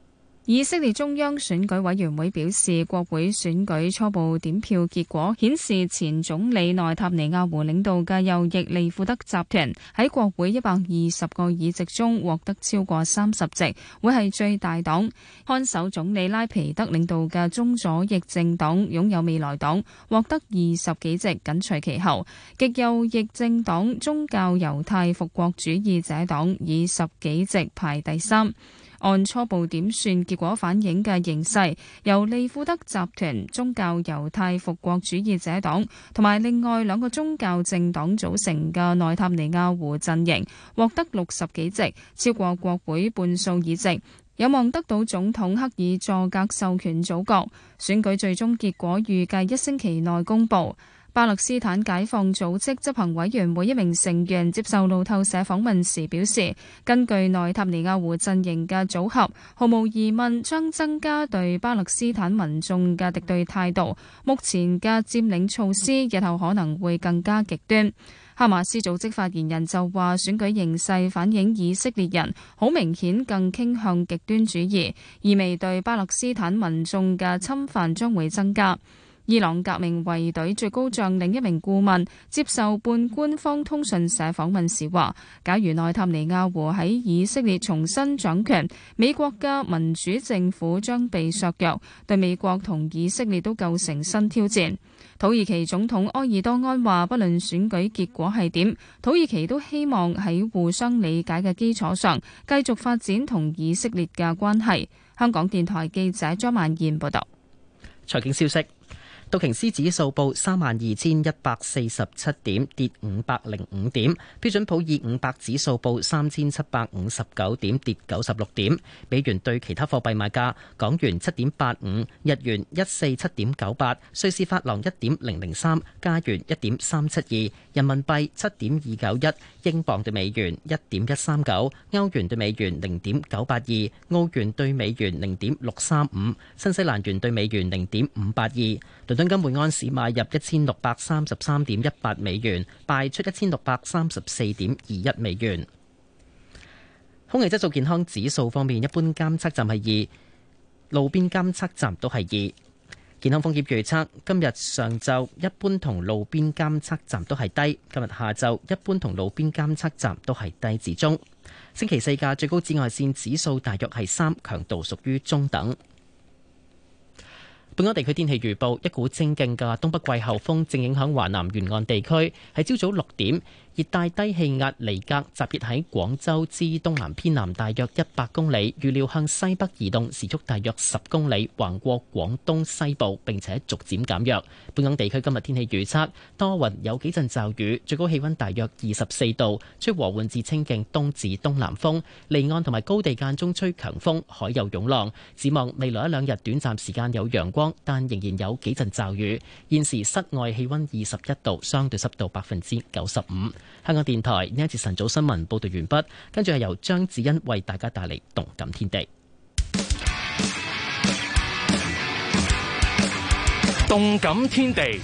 以色列中央選舉委員會表示，國會選舉初步點票結果顯示，前總理內塔尼亞胡領導嘅右翼利庫德集團喺國會一百二十個議席中獲得超過三十席，會係最大黨。看守總理拉皮德領導嘅中左翼政黨擁有未來黨獲得二十幾席，緊隨其後。極右翼政黨宗教猶太復國主義者黨以十幾席排第三。按初步點算結果反映嘅形勢，由利富德集團、宗教猶太復國主義者黨同埋另外兩個宗教政黨組成嘅內塔尼亞胡陣營獲得六十幾席，超過國會半數議席，有望得到總統克爾佐格授權組閣。選舉最終結果預計一星期內公布。巴勒斯坦解放組織執行委員會一名成員接受路透社訪問時表示，根據內塔尼亞胡陣營嘅組合，毫無疑問將增加對巴勒斯坦民眾嘅敵對態度。目前嘅佔領措施，日後可能會更加極端。哈馬斯組織發言人就話，選舉形勢反映以色列人好明顯更傾向極端主義，意味對巴勒斯坦民眾嘅侵犯將會增加。伊朗革命衛隊最高將領另一名顧問接受半官方通訊社訪問時話，假如內塔尼亞胡喺以色列重新掌權，美國嘅民主政府將被削弱，對美國同以色列都構成新挑戰。土耳其總統埃爾多安話，不論選舉結果係點，土耳其都希望喺互相理解嘅基礎上繼續發展同以色列嘅關係。香港電台記者張曼燕報道。財經消息。道瓊斯指數報三萬二千一百四十七點，跌五百零五點。標準普爾五百指數報三千七百五十九點，跌九十六點。美元對其他貨幣賣價：港元七點八五，日元一四七點九八，瑞士法郎一點零零三，加元一點三七二，人民幣七點二九一，英鎊對美元一點一三九，歐元對美元零點九八二，澳元對美元零點六三五，新西蘭元對美元零點五八二。黃金每安士買入一千六百三十三點一八美元，賣出一千六百三十四點二一美元。空氣質素健康指數方面，一般監測站係二，路邊監測站都係二。健康風險預測，今日上晝一般同路邊監測站都係低，今日下晝一般同路邊監測站都係低至中。星期四嘅最高紫外線指數大約係三，強度屬於中等。本港地區天氣預報：一股清勁嘅東北季候風正影響華南沿岸地區，喺朝早六點。熱帶低氣壓尼格集結喺廣州至東南偏南大約一百公里，預料向西北移動，時速大約十公里，橫過廣東西部並且逐漸減弱。本港地區今日天氣預測多雲，有幾陣驟雨，最高氣温大約二十四度，吹和緩至清勁東至東南風，離岸同埋高地間中吹強風，海有湧浪。展望未來一兩日短暫時間有陽光，但仍然有幾陣驟雨。現時室外氣温二十一度，相對濕度百分之九十五。香港電台呢一節晨早新聞報道完畢，跟住係由張子欣為大家帶嚟動感天地。動感天地，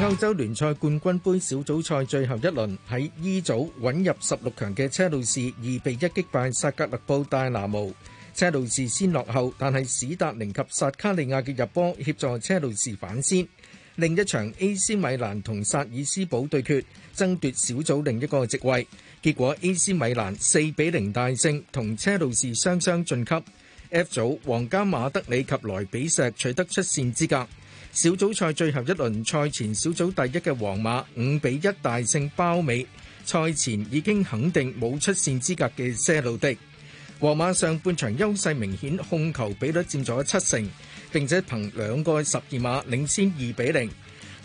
歐洲聯賽冠軍盃小組賽最後一輪喺 E 組穩入十六強嘅車路士，二比一擊敗薩格勒布戴拿姆。車路士先落後，但係史達寧及薩卡利亞嘅入波協助車路士反先。另一場 A.C. 米蘭同薩爾斯堡對決。爭奪小組另一個席位，結果 AC 米蘭四比零大勝，同車路士雙雙晉級。F 組皇家馬德里及萊比錫取得出線資格。小組賽最後一輪賽前小組第一嘅皇馬五比一大勝包尾，賽前已經肯定冇出線資格嘅些路迪。皇馬上半場優勢明顯，控球比率佔咗七成，並且憑兩個十二碼領先二比零。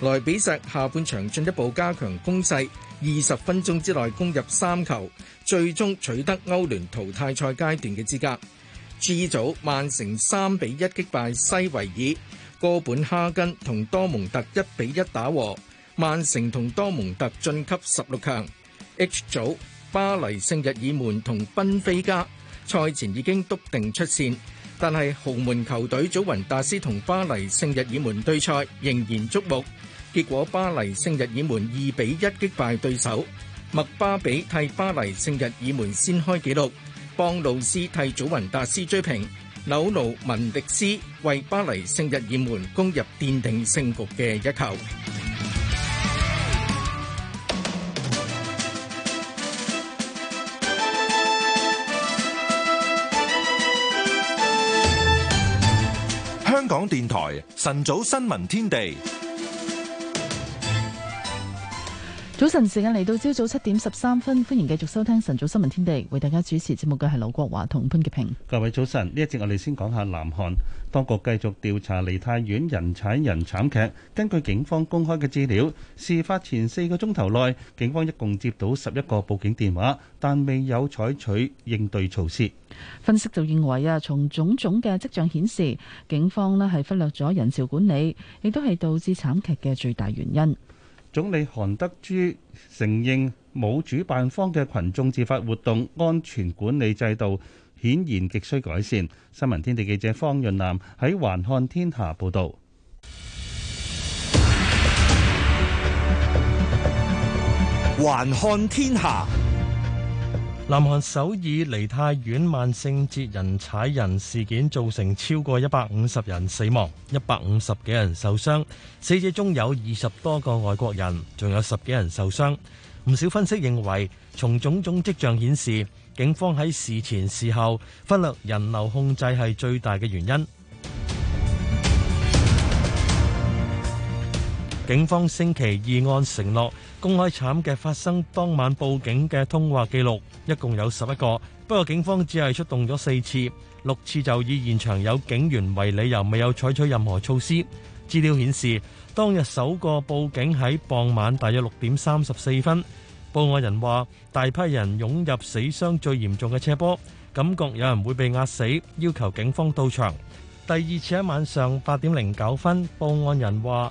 來比石下半場進一步加強攻勢，二十分鐘之內攻入三球，最終取得歐聯淘，淘汰賽階段嘅資格。G 組曼城三比一擊敗西維爾，哥本哈根同多蒙特一比一打和，曼城同多蒙特晉級十六強。H 組巴黎聖日耳門同賓菲加賽前已經篤定出線，但係豪門球隊祖雲達斯同巴黎聖日耳門對賽仍然觸目。結果巴黎聖日耳門二比一擊敗對手，麥巴比替巴黎聖日耳門先開紀錄，邦路斯替祖雲達斯追平，紐奴文迪斯為巴黎聖日耳門攻入奠定勝局嘅一球。香港電台晨早新聞天地。早晨時間嚟到朝早七點十三分，歡迎繼續收聽晨早新聞天地，為大家主持節目嘅係劉國華同潘潔平。各位早晨，呢一節我哋先講下南韓當局繼續調查梨泰院人踩人慘劇。根據警方公開嘅資料，事發前四個鐘頭內，警方一共接到十一個報警電話，但未有採取應對措施。分析就認為啊，從種種嘅跡象顯示，警方咧係忽略咗人潮管理，亦都係導致慘劇嘅最大原因。總理韓德珠承認冇主辦方嘅群眾自發活動安全管理制度，顯然極需改善。新聞天地記者方潤南喺環看天下報道。環看天下。南韓首爾梨泰院萬聖節人踩人事件造成超過一百五十人死亡，一百五十幾人受傷，死者中有二十多個外國人，仲有十幾人受傷。唔少分析認為，從種種跡象顯示，警方喺事前事後忽略人流控制係最大嘅原因。 (music) 警方星期二按承諾公開慘劇發生當晚報警嘅通話記錄一共有十一個，不過警方只係出動咗四次，六次就以現場有警員為理由，未有採取任何措施。資料顯示，當日首個報警喺傍晚大約六點三十四分，報案人話大批人湧入死傷最嚴重嘅斜坡，感覺有人會被壓死，要求警方到場。第二次喺晚上八點零九分，報案人話。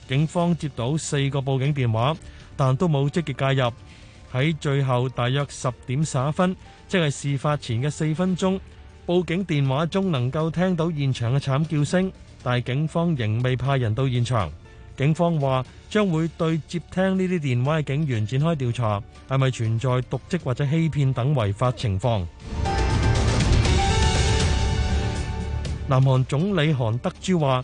警方接到四個報警電話，但都冇積極介入。喺最後大約十點十一分，即係事發前嘅四分鐘，報警電話中能夠聽到現場嘅慘叫聲，但係警方仍未派人到現場。警方話將會對接聽呢啲電話嘅警員展開調查，係咪存在瀆職或者欺騙等違法情況？南韓總理韓德洙話。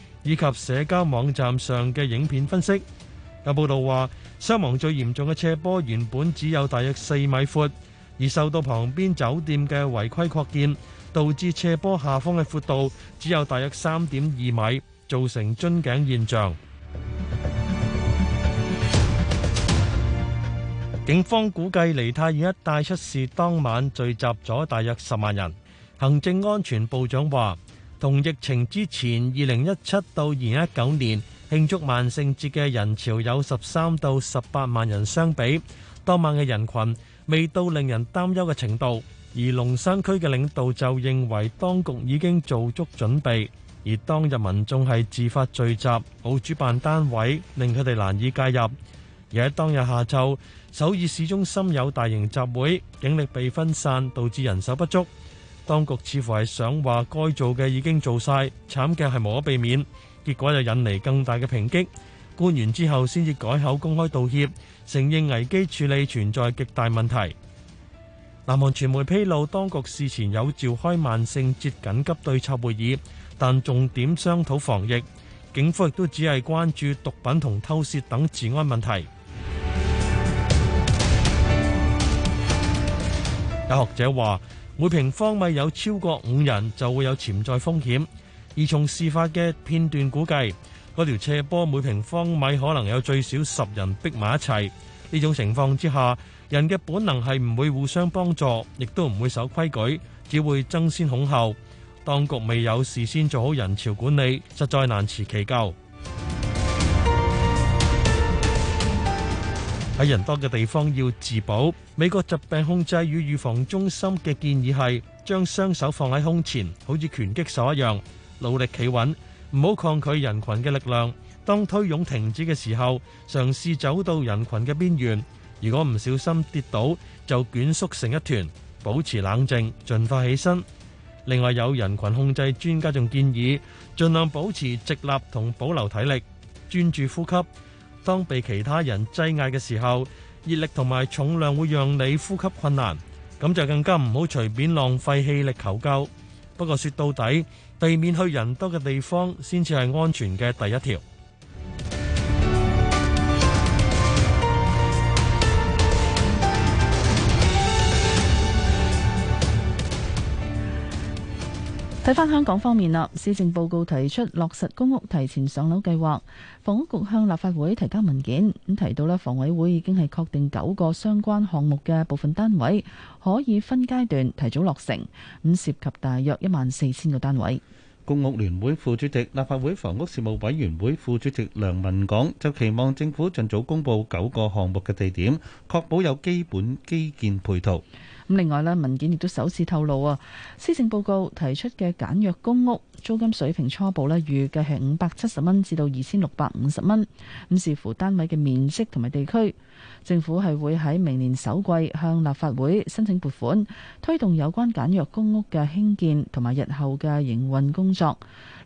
以及社交網站上嘅影片分析。有報道話，傷亡最嚴重嘅斜坡原本只有大約四米闊，而受到旁邊酒店嘅違規擴建，導致斜坡下方嘅闊度只有大約三點二米，造成樽頸現象。 (noise) 警方估計梨泰院一帶出事當晚聚集咗大約十萬人。行政安全部長話，同疫情之前二零一七到二零一九年慶祝萬聖節嘅人潮有十三到十八萬人相比，當晚嘅人群未到令人擔憂嘅程度。而龍山區嘅領導就認為當局已經做足準備，而當日民眾係自發聚集，冇主辦單位，令佢哋難以介入。而喺當日下晝，首爾市中心有大型集會，警力被分散，導致人手不足。當局似乎係想話該做嘅已經做晒，慘嘅係無可避免，結果又引嚟更大嘅抨擊。官員之後先至改口公開道歉，承認危機處理存在極大問題。南韓傳媒披露，當局事前有召開萬聖節緊急對策會議，但重點商討防疫。警方亦都只係關注毒品同偷竊等治安問題。 (music) 有學者話。每平方米有超過五人就會有潛在風險，而從事發嘅片段估計，嗰條斜坡每平方米可能有最少十人逼埋一齊。呢種情況之下，人嘅本能係唔會互相幫助，亦都唔會守規矩，只會爭先恐後。當局未有事先做好人潮管理，實在難辭其咎。喺人多嘅地方要自保。美國疾病控制與預防中心嘅建議係將雙手放喺胸前，好似拳擊手一樣，努力企穩，唔好抗拒人群嘅力量。當推湧停止嘅時候，嘗試走到人群嘅邊緣，如果唔小心跌倒，就卷縮成一團，保持冷靜，盡快起身。另外，有人群控制專家仲建議盡量保持直立同保留體力，專注呼吸。當被其他人擠壓嘅時候，熱力同埋重量會讓你呼吸困難，咁就更加唔好隨便浪費氣力求救。不過說到底，避免去人多嘅地方先至係安全嘅第一條。睇翻香港方面啦，施政報告提出落實公屋提前上樓計劃，房屋局向立法會提交文件，咁提到咧，房委會已經係確定九個相關項目嘅部分單位可以分階段提早落成，咁涉及大約一萬四千個單位。公屋聯會副主席、立法會房屋事務委員會副主席梁文港就期望政府盡早公布九個項目嘅地點，確保有基本基建配套。咁另外咧，文件亦都首次透露啊，施政報告提出嘅簡約公屋租金水平初步咧預計係，五百七十蚊至到二千六百五十蚊，咁視乎單位嘅面積同埋地區，政府係會喺明年首季向立法會申請撥款，推動有關簡約公屋嘅興建同埋日後嘅營運工作。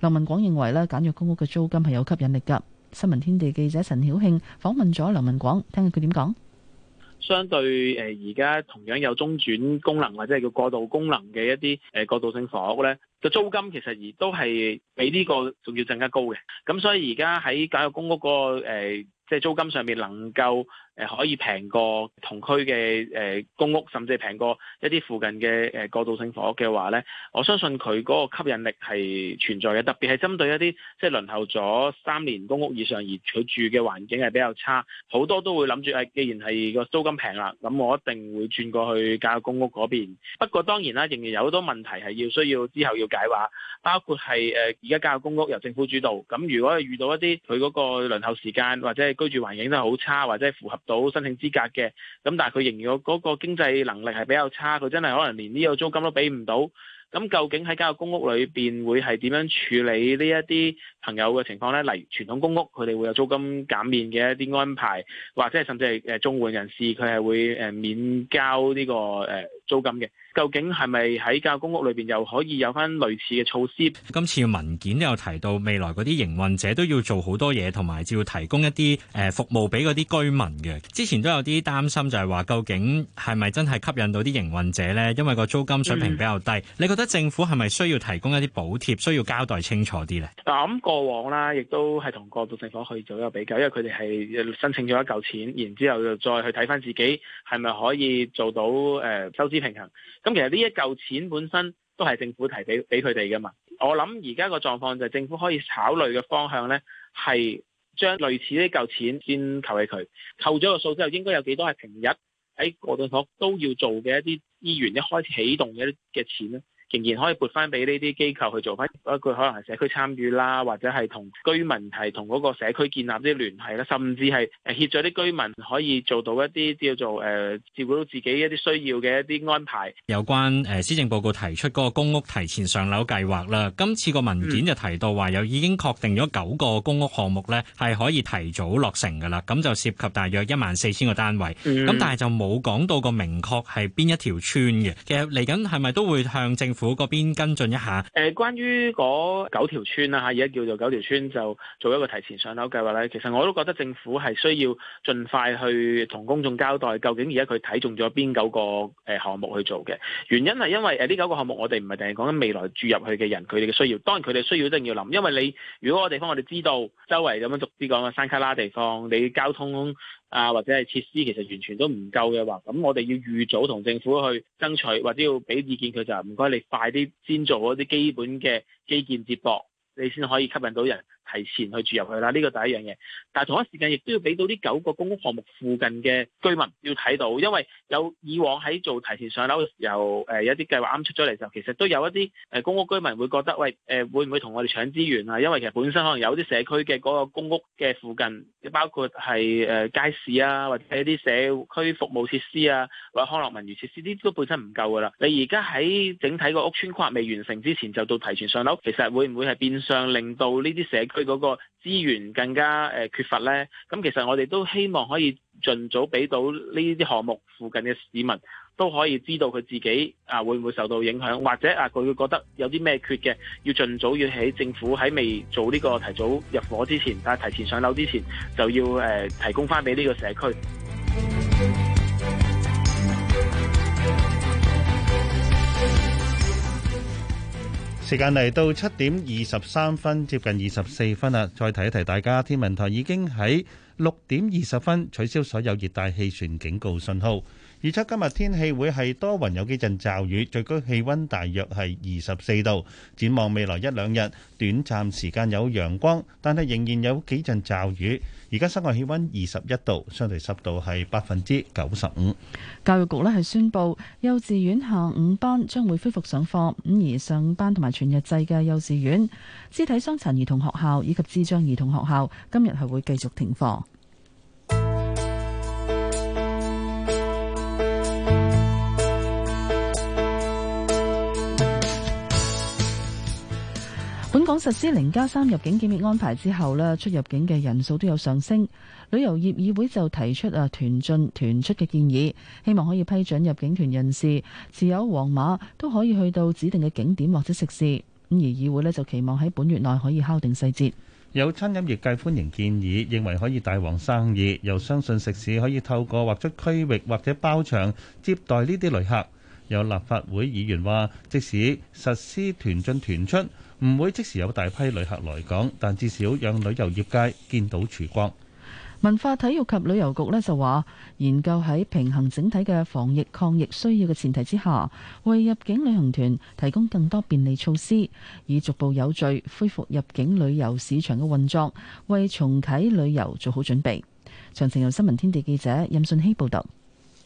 梁文廣認為咧，簡約公屋嘅租金係有吸引力噶。新聞天地記者陳曉慶訪問咗梁文廣，聽下佢點講。相對誒而家同樣有中轉功能或者係叫過渡功能嘅一啲誒過渡性房屋咧，個租金其實亦都係比呢個仲要更加高嘅，咁所以而家喺教育公屋個誒即係租金上面能夠。誒可以平過同區嘅誒公屋，甚至平過一啲附近嘅誒過渡性房屋嘅話咧，我相信佢嗰個吸引力係存在嘅。特別係針對一啲即係輪候咗三年公屋以上而佢住嘅環境係比較差，好多都會諗住誒，既然係個租金平啦，咁我一定會轉過去加個公屋嗰邊。不過當然啦，仍然有好多問題係要需要之後要解話，包括係誒而家簡約公屋由政府主導，咁如果係遇到一啲佢嗰個輪候時間或者係居住環境都係好差，或者符合到申請資格嘅，咁但係佢仍然個嗰個經濟能力係比較差，佢真係可能連呢個租金都俾唔到。咁究竟喺間公屋裏邊會係點樣處理呢一啲朋友嘅情況呢？例如傳統公屋，佢哋會有租金減免嘅一啲安排，或者係甚至係誒綜援人士，佢係會誒、呃、免交呢、呢個誒、呃、租金嘅。究竟係咪喺教公屋裏邊又可以有翻類似嘅措施？今次文件都有提到未來嗰啲營運者都要做好多嘢，同埋要提供一啲誒服務俾嗰啲居民嘅。之前都有啲擔心就，就係話究竟係咪真係吸引到啲營運者呢？因為個租金水平比較低。嗯、你覺得政府係咪需要提供一啲補貼？需要交代清楚啲呢？咁我、嗯、過往啦，亦都係同過渡政府去做一個比較，因為佢哋係申請咗一嚿錢，然之後就再去睇翻自己係咪可以做到誒、呃、收支平衡。咁其實呢一嚿錢本身都係政府提俾俾佢哋㗎嘛，我諗而家個狀況就係政府可以考慮嘅方向咧，係將類似呢嚿錢先扣起佢，扣咗個數之後應該有幾多係平日喺個度學都要做嘅一啲醫院一開始起動嘅一啲嘅錢咧？仍然可以撥翻俾呢啲機構去做翻一句，可能係社區參與啦，或者係同居民係同嗰個社區建立啲聯繫啦，甚至係誒協助啲居民可以做到一啲叫做誒、呃、照顧到自己一啲需要嘅一啲安排。有關誒施政報告提出嗰個公屋提前上樓計劃啦，今次個文件就提到話有已經確定咗九個公屋項目咧，係可以提早落成㗎啦。咁就涉及大約一萬四千個單位。咁、嗯、但係就冇講到個明確係邊一條村嘅。其實嚟緊係咪都會向政府嗰邊跟進一下。誒，關於嗰九條村啦吓，而家叫做九條村，就做一個提前上樓計劃咧。其實我都覺得政府係需要盡快去同公眾交代，究竟而家佢睇中咗邊九個誒項目去做嘅原因，係因為誒呢九個項目，我哋唔係淨係講緊未來住入去嘅人，佢哋嘅需要。當然佢哋需要一定要諗，因為你如果個地方我哋知道周圍咁樣，俗啲講嘅山卡拉地方，你交通。啊，或者係設施其實完全都唔夠嘅話，咁我哋要預早同政府去爭取，或者要俾意見佢，就唔該你快啲先做嗰啲基本嘅基建接駁。你先可以吸引到人提前去住入去啦，呢個第一樣嘢。但係同一時間亦都要俾到呢九個公屋項目附近嘅居民要睇到，因為有以往喺做提前上樓嘅時候，誒，有啲計劃啱出咗嚟時候，其實都有一啲誒公屋居民會覺得，喂誒、呃、會唔會同我哋搶資源啊？因為其實本身可能有啲社區嘅嗰個公屋嘅附近，包括係誒街市啊，或者一啲社區服務設施啊，或者康樂文娛設施，呢啲都本身唔夠噶啦。你而家喺整體個屋邨規劃未完成之前，就到提前上樓，其實會唔會係變？上令到呢啲社區嗰個資源更加誒缺乏呢。咁其實我哋都希望可以盡早俾到呢啲項目附近嘅市民都可以知道佢自己，啊會唔會受到影響，或者啊佢會覺得有啲咩缺嘅，要盡早要喺政府喺未做呢個提早入伙之前，但係提前上樓之前，就要誒提供翻俾呢個社區。時間嚟到七點二十三分，接近二十四分啦。再提一提大家，天文台已經喺六點二十分取消所有熱帶氣旋警告信號。預測今日天氣會係多雲，有幾陣驟雨。最高氣溫大約係二十四度。展望未來一兩日，短暫時間有陽光，但係仍然有幾陣驟雨。而家室外氣溫二十一度，相對濕度係百分之九十五。教育局咧係宣布，幼稚園下午班將會恢復上課。咁而上班同埋全日制嘅幼稚園、肢體傷殘兒童學校以及智障兒童學校，今日係會繼續停課。香港實施零加三入境檢疫安排之後咧，出入境嘅人數都有上升。旅遊業議會就提出啊團進團出嘅建議，希望可以批准入境團人士持有黃碼都可以去到指定嘅景點或者食肆。咁而議會咧就期望喺本月內可以敲定細節。有餐飲業界歡迎建議，認為可以帶旺生意，又相信食肆可以透過劃出區域或者包場接待呢啲旅客。有立法會議員話，即使實施團進團出，唔會即時有大批旅客來港，但至少讓旅遊業界見到曙光。文化體育及旅遊局呢就話，研究喺平衡整體嘅防疫抗疫需要嘅前提之下，為入境旅行團提供更多便利措施，以逐步有序恢復入境旅遊市場嘅運作，為重啟旅遊做好準備。詳情由新聞天地記者任信希報道。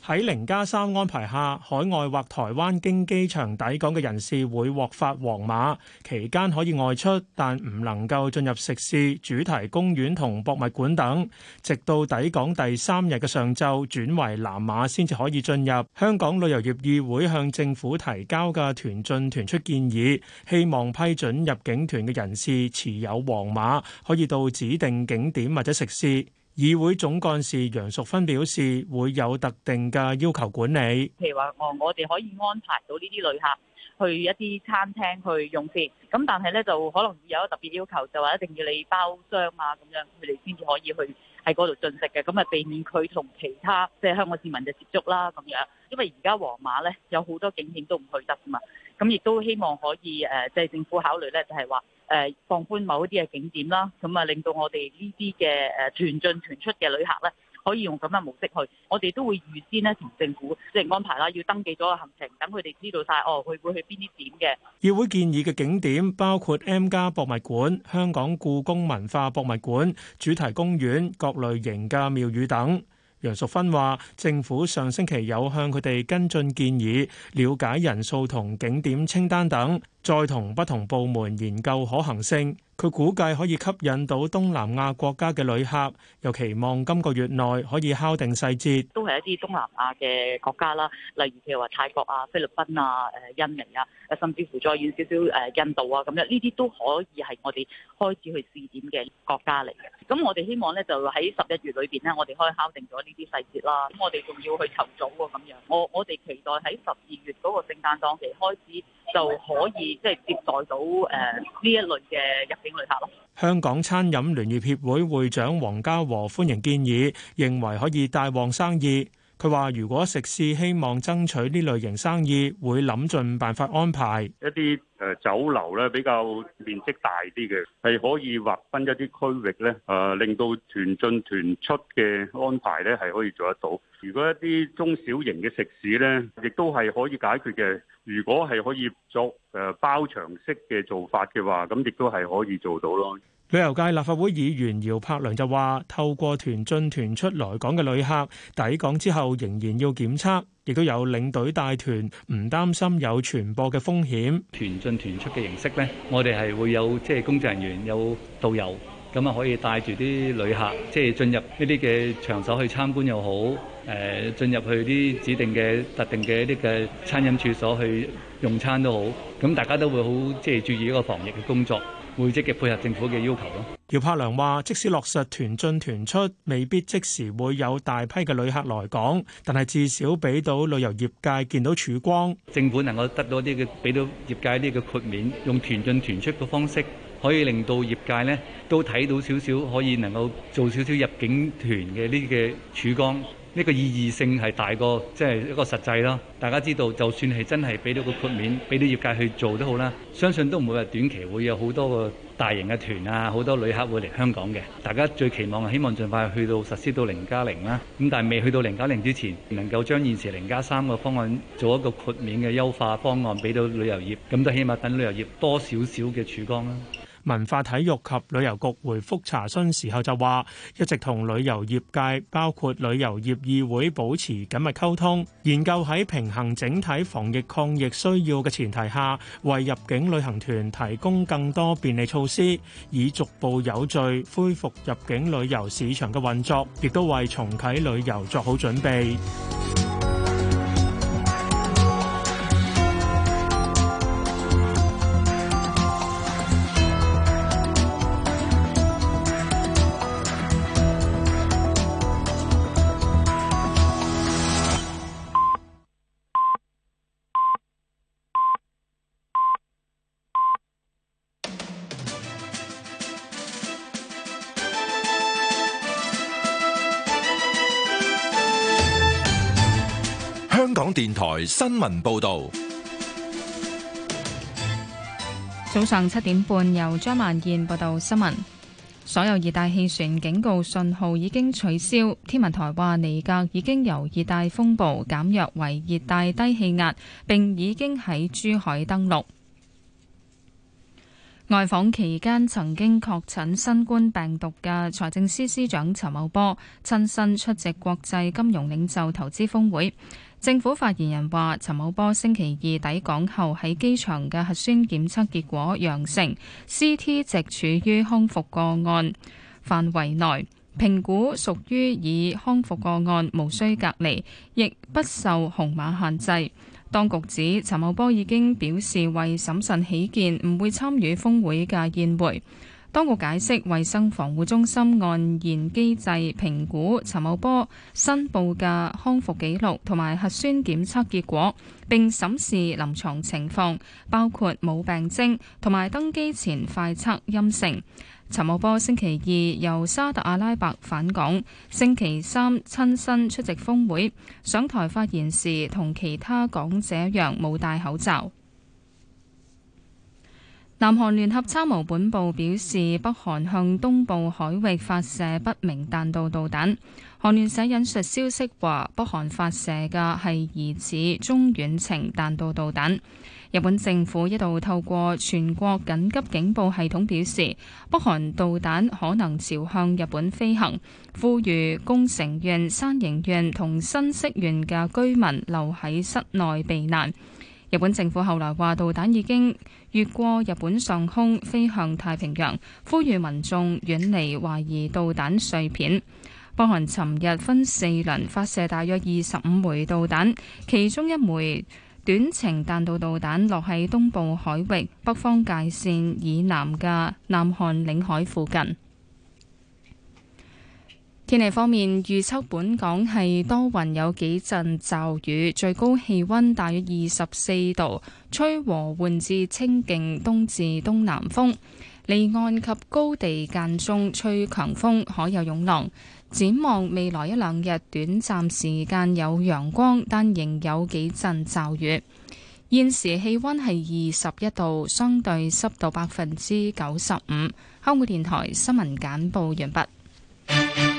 喺零加三安排下，海外或台灣經機場抵港嘅人士會獲發黃碼，期間可以外出，但唔能夠進入食肆、主題公園同博物館等。直到抵港第三日嘅上晝轉為藍碼，先至可以進入。香港旅遊業議會向政府提交嘅團進團出建議，希望批准入境團嘅人士持有黃碼，可以到指定景點或者食肆。議會總幹事楊淑芬表示，會有特定嘅要求管理。譬如話，我我哋可以安排到呢啲旅客去一啲餐廳去用膳，咁但係咧就可能有特別要求，就話一定要你包廂啊，咁樣，佢哋先至可以去喺嗰度進食嘅，咁啊避免佢同其他即係香港市民嘅接觸啦咁樣。因為而家皇馬咧有好多景點都唔去得啊嘛，咁亦都希望可以誒，即係政府考慮咧，就係話。誒放寬某一啲嘅景點啦，咁啊令到我哋呢啲嘅誒團進團出嘅旅客咧，可以用咁嘅模式去，我哋都會預先咧同政府即係安排啦，要登記咗個行程，等佢哋知道曬，哦，佢會去邊啲點嘅。議會建議嘅景點包括 M+ 博物館、香港故宮文化博物館、主題公園、各類型嘅廟宇等。楊淑芬話：政府上星期有向佢哋跟進建議，瞭解人數同景點清單等。再同不同部門研究可行性，佢估計可以吸引到東南亞國家嘅旅客，又期望今個月內可以敲定細節。都係一啲東南亞嘅國家啦，例如譬如話泰國啊、菲律賓啊、誒印尼啊，甚至乎再遠少少誒印度啊咁樣，呢啲都可以係我哋開始去試點嘅國家嚟嘅。咁我哋希望咧就喺十一月裏邊咧，我哋可以敲定咗呢啲細節啦。咁我哋仲要去籌組喎咁樣，我我哋期待喺十二月嗰個聖誕檔期開始。就可以即係接待到誒呢一類嘅入境旅客咯。香港餐飲聯業協會會長黃家和歡迎建議，認為可以帶旺生意。佢話：如果食肆希望爭取呢類型生意，會諗盡辦法安排一啲誒酒樓咧比較面積大啲嘅，係可以劃分一啲區域咧，誒令到團進團出嘅安排咧係可以做得到。如果一啲中小型嘅食肆咧，亦都係可以解決嘅。如果係可以做誒包場式嘅做法嘅話，咁亦都係可以做到咯。旅遊界立法會議員姚柏良就話，透過團進團出來港嘅旅客抵港之後仍然要檢測，亦都有領隊帶團，唔擔心有傳播嘅風險。團進團出嘅形式呢，我哋係會有即係工作人員有導遊，咁啊可以帶住啲旅客，即係進入呢啲嘅場所去參觀又好，誒進入去啲指定嘅特定嘅一啲嘅餐飲處所去用餐都好，咁大家都會好即係注意一個防疫嘅工作。會積極配合政府嘅要求咯。姚柏良話：即使落實團進團出，未必即時會有大批嘅旅客來港，但係至少俾到旅遊業界見到曙光。政府能夠得到呢個，俾到業界啲嘅豁免，用團進團出嘅方式，可以令到業界呢都睇到少少，可以能夠做少少入境團嘅呢嘅曙光。呢個意義性係大過即係一個實際咯。大家知道，就算係真係俾到個豁免，俾到業界去做都好啦。相信都唔會話短期會有好多個大型嘅團啊，好多旅客會嚟香港嘅。大家最期望係希望盡快去到實施到零加零啦。咁但係未去到零加零之前，能夠將現時零加三個方案做一個豁免嘅優化方案，俾到旅遊業，咁都起碼等旅遊業多少少嘅曙光啦。。文化體育及旅遊局回覆查詢時候就話，一直同旅遊業界包括旅遊業議會保持緊密溝通，研究喺平衡整體防疫抗疫需要嘅前提下，為入境旅行團提供更多便利措施，以逐步有序恢復入境旅遊市場嘅運作，亦都為重啟旅遊作好準備。Oh, 電台新聞報道，早上七點半由張萬燕報道新聞。所有熱帶氣旋警告信號已經取消。天文台話尼格已經由熱帶風暴減弱為熱帶低氣壓，並已經喺珠海登陸。外訪期間曾經確診新冠病毒嘅財政司司長陳茂波，親身出席國際金融領袖投資峰會。政府發言人話：陳茂波星期二抵港後喺機場嘅核酸檢測結果陽性，CT 值處於康復個案範圍內，評估屬於已康復個案，無需隔離，亦不受紅碼限制。當局指陳茂波已經表示為審慎起見，唔會參與峰會嘅宴會。當局解釋，衛生防護中心按現機制評估陳茂波申報嘅康復記錄同埋核酸檢測結果，並審視臨床情況，包括冇病徵同埋登機前快測陰性。陳茂波星期二由沙特阿拉伯返港，星期三親身出席峰會，上台發言時同其他講者一樣冇戴口罩。南韓聯合參謀本部表示，北韓向東部海域發射不明彈道導彈。韓聯社引述消息話，北韓發射嘅係疑似中遠程彈道導彈。日本政府一度透過全國緊急警報系統表示，北韓導彈可能朝向日本飛行，呼籲宮城縣、山形縣同新潟縣嘅居民留喺室內避難。日本政府後來話導彈已經越過日本上空飛向太平洋，呼籲民眾遠離懷疑導彈碎片。北韓尋日分四輪發射大約二十五枚導彈，其中一枚短程彈道導彈落喺東部海域北方界線以南嘅南韓領海附近。天氣方面，預測本港係多雲，有幾陣驟雨，最高氣溫大約二十四度，吹和緩至清勁東至東南風。離岸及高地間中吹強風，海有湧浪。展望未來一兩日，短暫時間有陽光，但仍有幾陣驟雨。現時氣溫係二十一度，相對濕度百分之九十五。香港電台新聞簡報完畢。 (music)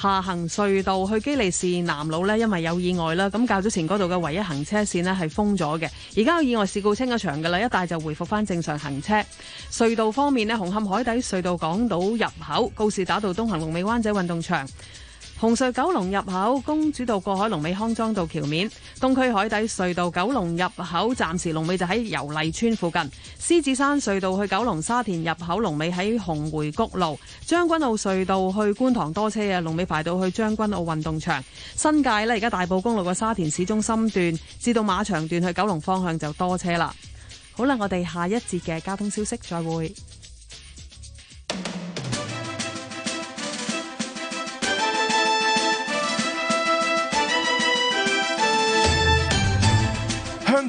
下行隧道去機利士南路呢，因為有意外啦，咁較早前嗰度嘅唯一行車線呢，係封咗嘅。而家有意外事故清咗場噶啦，一帶就回復翻正常行車。隧道方面呢，紅磡海底隧道港島入口、告士打道東行龍尾灣仔運動場。紅隧九龍入口、公主道過海、龍尾康莊道橋面、東區海底隧道九龍入口，暫時龍尾就喺油麗邨附近；獅子山隧道去九龍，沙田入口龍尾喺紅梅谷路；將軍澳隧道去觀塘多車嘅，龍尾排到去將軍澳運動場；新界呢，而家大埔公路嘅沙田市中心段至到馬場段去九龍方向就多車啦。好啦，我哋下一節嘅交通消息再會。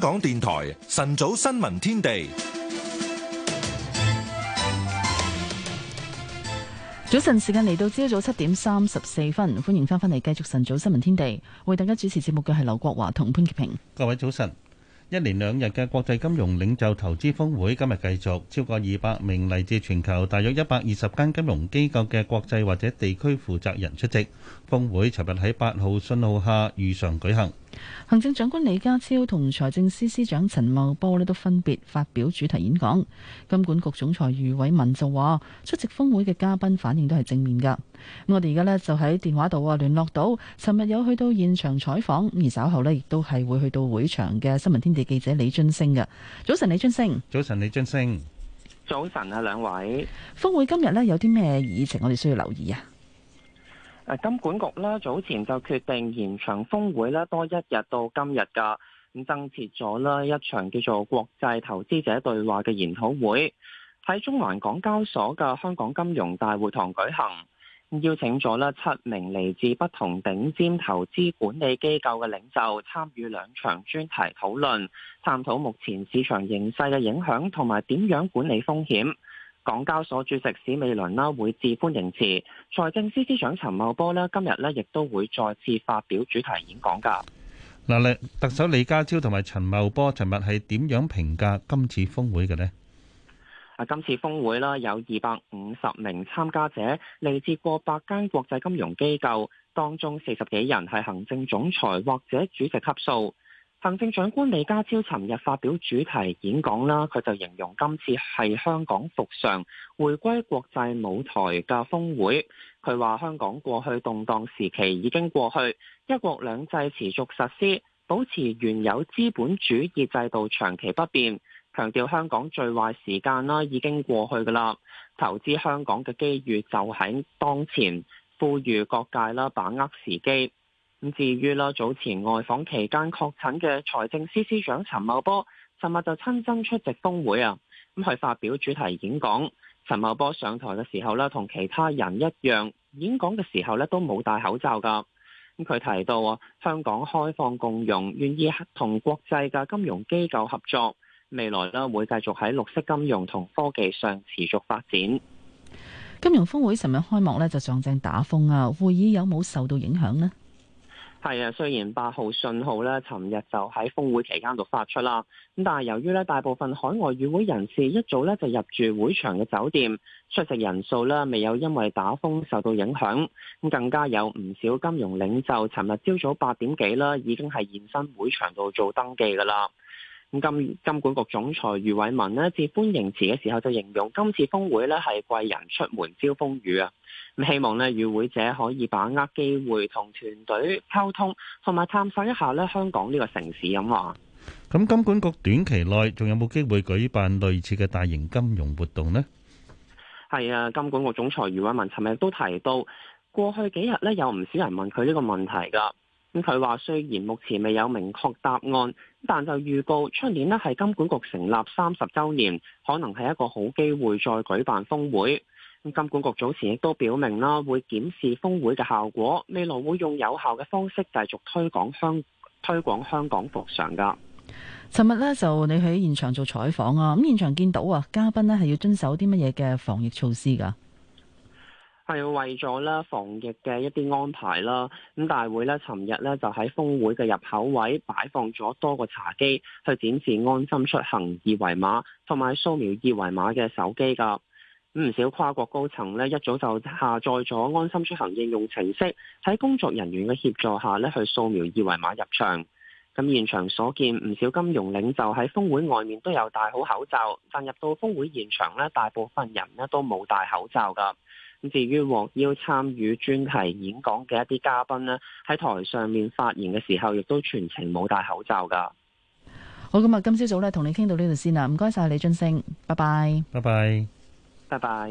香港電台晨早新聞天地，早晨時間嚟到朝早七點三十四分，歡迎翻返嚟繼續晨早新聞天地，為大家主持節目嘅係劉國華同潘潔平。各位早晨，一連兩日嘅國際金融領袖投資峰會今日繼續，超過二百名嚟自全球大約一百二十間金融機構嘅國際或者地區負責人出席。峰會尋日喺八號信號下如常舉行。行政長官李家超同財政司司長陳茂波呢都分別發表主題演講。金管局總裁余偉文就話：出席峰會嘅嘉賓反應都係正面噶。我哋而家呢就喺電話度啊聯絡到，尋日有去到現場採訪，而稍後呢亦都係會去到會場嘅新聞天地記者李津星嘅。早晨，李津星。早晨，李津星。早晨啊，兩位。峰會今日呢有啲咩議程，我哋需要留意啊？誒，金管局咧早前就決定延長峰會咧多一日到今日㗎，咁增設咗咧一場叫做國際投資者對話嘅研討會，喺中環港交所嘅香港金融大會堂舉行，邀請咗咧七名嚟自不同頂尖投資管理機構嘅領袖參與兩場專題討論，探討目前市場形勢嘅影響同埋點樣管理風險。港交所主席史美倫啦會致歡迎辭，財政司司長陳茂波咧今日咧亦都會再次發表主題演講噶。嗱，李特首李家超同埋陳茂波尋日係點樣評價今次峰會嘅咧？啊，今次峰會啦，有二百五十名參加者，嚟自過百間國際金融機構，當中四十幾人係行政總裁或者主席級數。行政長官李家超尋日發表主題演講啦，佢就形容今次係香港復常、回歸國際舞台嘅峰會。佢話香港過去動盪時期已經過去，一國兩制持續實施，保持原有資本主義制度長期不變。強調香港最壞時間啦已經過去噶啦，投資香港嘅機遇就喺當前，呼籲各界啦把握時機。咁至於啦，早前外訪期間確診嘅財政司司長陳茂波，尋日就親身出席峰會啊！咁佢發表主題演講。陳茂波上台嘅時候呢，同其他人一樣，演講嘅時候呢都冇戴口罩噶。咁佢提到啊，香港開放共融，願意同國際嘅金融機構合作，未來呢會繼續喺綠色金融同科技上持續發展。金融峰會尋日開幕呢，就上正打風啊！會議有冇受到影響呢？係啊，雖然八號信號咧，尋日就喺峰會期間度發出啦，咁但係由於咧，大部分海外與會人士一早咧就入住會場嘅酒店，出席人數咧未有因為打風受到影響，咁更加有唔少金融領袖尋日朝早八點幾啦，已經係現身會場度做登記噶啦。咁金金管局總裁余偉文咧，致歡迎辭嘅時候就形容今次峰會咧係貴人出門招風雨啊！咁希望咧與會者可以把握機會同團隊溝通，同埋探索一下咧香港呢個城市咁話。咁金管局短期內仲有冇機會舉辦類似嘅大型金融活動呢？係啊，金管局總裁余偉文尋日都提到，過去幾日咧有唔少人問佢呢個問題噶。咁佢話雖然目前未有明確答案。但就預告，出年呢，係金管局成立三十週年，可能係一個好機會再舉辦峰會。咁金管局早前亦都表明啦，會檢視峰會嘅效果，未來會用有效嘅方式繼續推廣香推廣香港復常噶。尋日呢，就你喺現場做採訪啊，咁現場見到啊，嘉賓呢係要遵守啲乜嘢嘅防疫措施噶？係為咗咧防疫嘅一啲安排啦，咁大會咧，尋日咧就喺峰會嘅入口位擺放咗多個茶幾，去展示安心出行二維碼，同埋掃描二維碼嘅手機噶。唔少跨國高層呢，一早就下載咗安心出行應用程式，喺工作人員嘅協助下咧去掃描二維碼入場。咁現場所見，唔少金融領袖喺峰會外面都有戴好口罩，但入到峰會現場咧，大部分人咧都冇戴口罩噶。至於獲邀參與專題演講嘅一啲嘉賓咧，喺台上面發言嘅時候，亦都全程冇戴口罩㗎。好咁啊，今朝早咧，同你傾到呢度先啦，唔該晒李俊升，拜拜，拜拜，拜拜。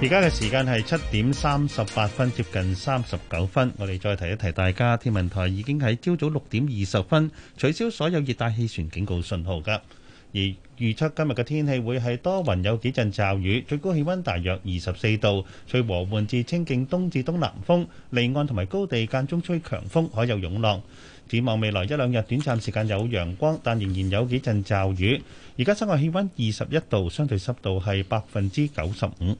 而家嘅時間係七點三十八分，接近三十九分。我哋再提一提大家，天文台已經喺朝早六點二十分取消所有熱帶氣旋警告信號噶。而預測今日嘅天氣會係多雲，有幾陣驟雨，最高氣溫大約二十四度，吹和緩至清勁東至東南風，離岸同埋高地間中吹強風，海有湧浪。展望未來一兩日，短暫時間有陽光，但仍然有幾陣驟雨。而家室外氣溫二十一度，相對濕度係百分之九十五。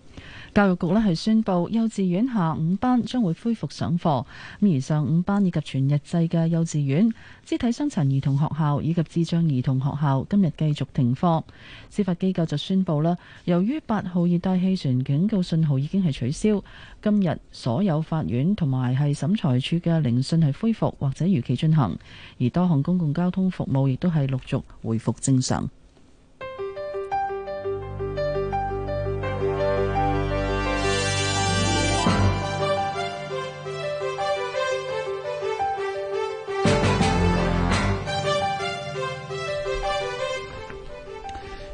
教育局呢，係宣布，幼稚園下午班將會恢復上課，咁而上午班以及全日制嘅幼稚園肢體傷殘兒童學校以及智障兒童學校今日繼續停課。司法機構就宣布啦，由於八號熱帶氣旋警告信號已經係取消，今日所有法院同埋係審裁處嘅聆訊係恢復或者如期進行。而多項公共交通服務亦都係陸續回復正常。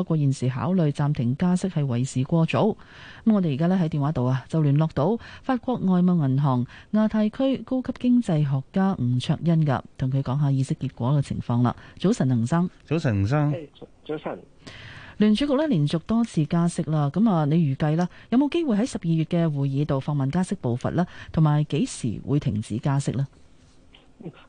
不過現時考慮暫停加息係為時過早。咁我哋而家咧喺電話度啊，就聯絡到法國外貿銀行亞太區高級經濟學家吳卓恩噶，同佢講下議息結果嘅情況啦。早晨，林生。早晨，林生。早晨。聯儲局咧連續多次加息啦，咁啊，你預計啦有冇機會喺十二月嘅會議度放慢加息步伐咧？同埋幾時會停止加息呢？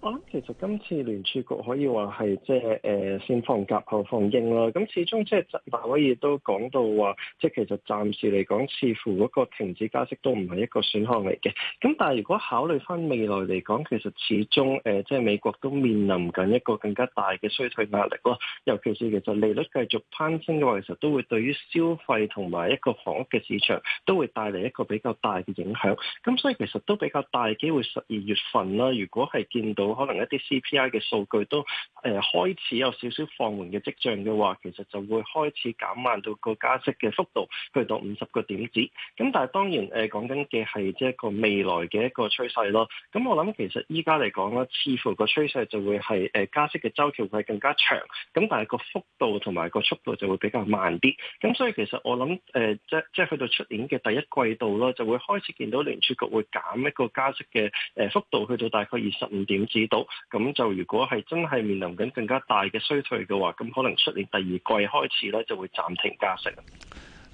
我諗其實今次聯儲局可以話係即係誒先放鴿後放鷹啦。咁始終即係鮑威爾都講到話，即係其實暫時嚟講，似乎嗰個停止加息都唔係一個選項嚟嘅。咁但係如果考慮返未來嚟講，其實始終誒即係美國都面臨緊一個更加大嘅衰退壓力咯。尤其是其實利率繼續攀升嘅話，其實都會對於消費同埋一個房屋嘅市場都會帶嚟一個比較大嘅影響。咁所以其實都比較大機會十二月份啦。如果係見到可能一啲 CPI 嘅數據都誒、呃、開始有少少放緩嘅跡象嘅話，其實就會開始減慢到個加息嘅幅度去到五十個點子。咁但係當然誒講緊嘅係即係一個未來嘅一個趨勢咯。咁我諗其實依家嚟講咧，似乎個趨勢就會係誒加息嘅周期會更加長。咁但係個幅度同埋個速度就會比較慢啲。咁所以其實我諗誒、呃、即係即係去到出年嘅第一季度咯，就會開始見到聯儲局會減一個加息嘅誒、呃、幅度去到大概二十五。點止到咁就？如果係真係面臨緊更加大嘅衰退嘅話，咁可能出年第二季開始呢就會暫停加息。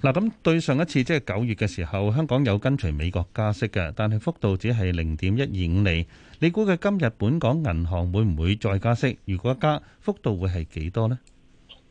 嗱，咁對上一次即係九月嘅時候，香港有跟隨美國加息嘅，但係幅度只係零點一二五厘。你估嘅今日本港銀行會唔會再加息？如果加，幅度會係幾多呢？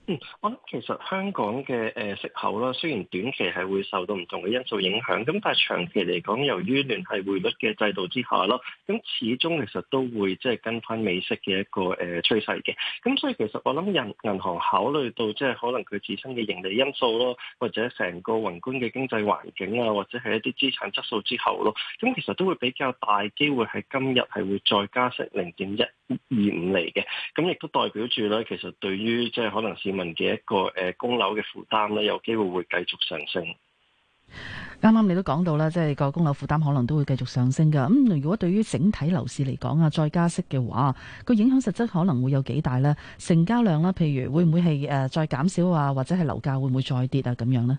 嗯，我諗其實香港嘅誒息口啦，雖然短期係會受到唔同嘅因素影響，咁但係長期嚟講，由於聯繫匯率嘅制度之下咯，咁始終其實都會即係跟返美息嘅一個誒趨勢嘅。咁所以其實我諗銀銀行考慮到即係可能佢自身嘅盈利因素咯，或者成個宏觀嘅經濟環境啊，或者係一啲資產質素之後咯，咁其實都會比較大機會喺今日係會再加息零點一。二五嚟嘅，咁亦都代表住咧，其實對於即係可能市民嘅一個誒供樓嘅負擔咧，有機會會繼續上升。啱啱你都講到啦，即係個供樓負擔可能都會繼續上升噶。咁如果對於整體樓市嚟講啊，再加息嘅話，個影響實質可能會有幾大呢？成交量啦，譬如會唔會係誒再減少啊？或者係樓價會唔會再跌啊？咁樣呢。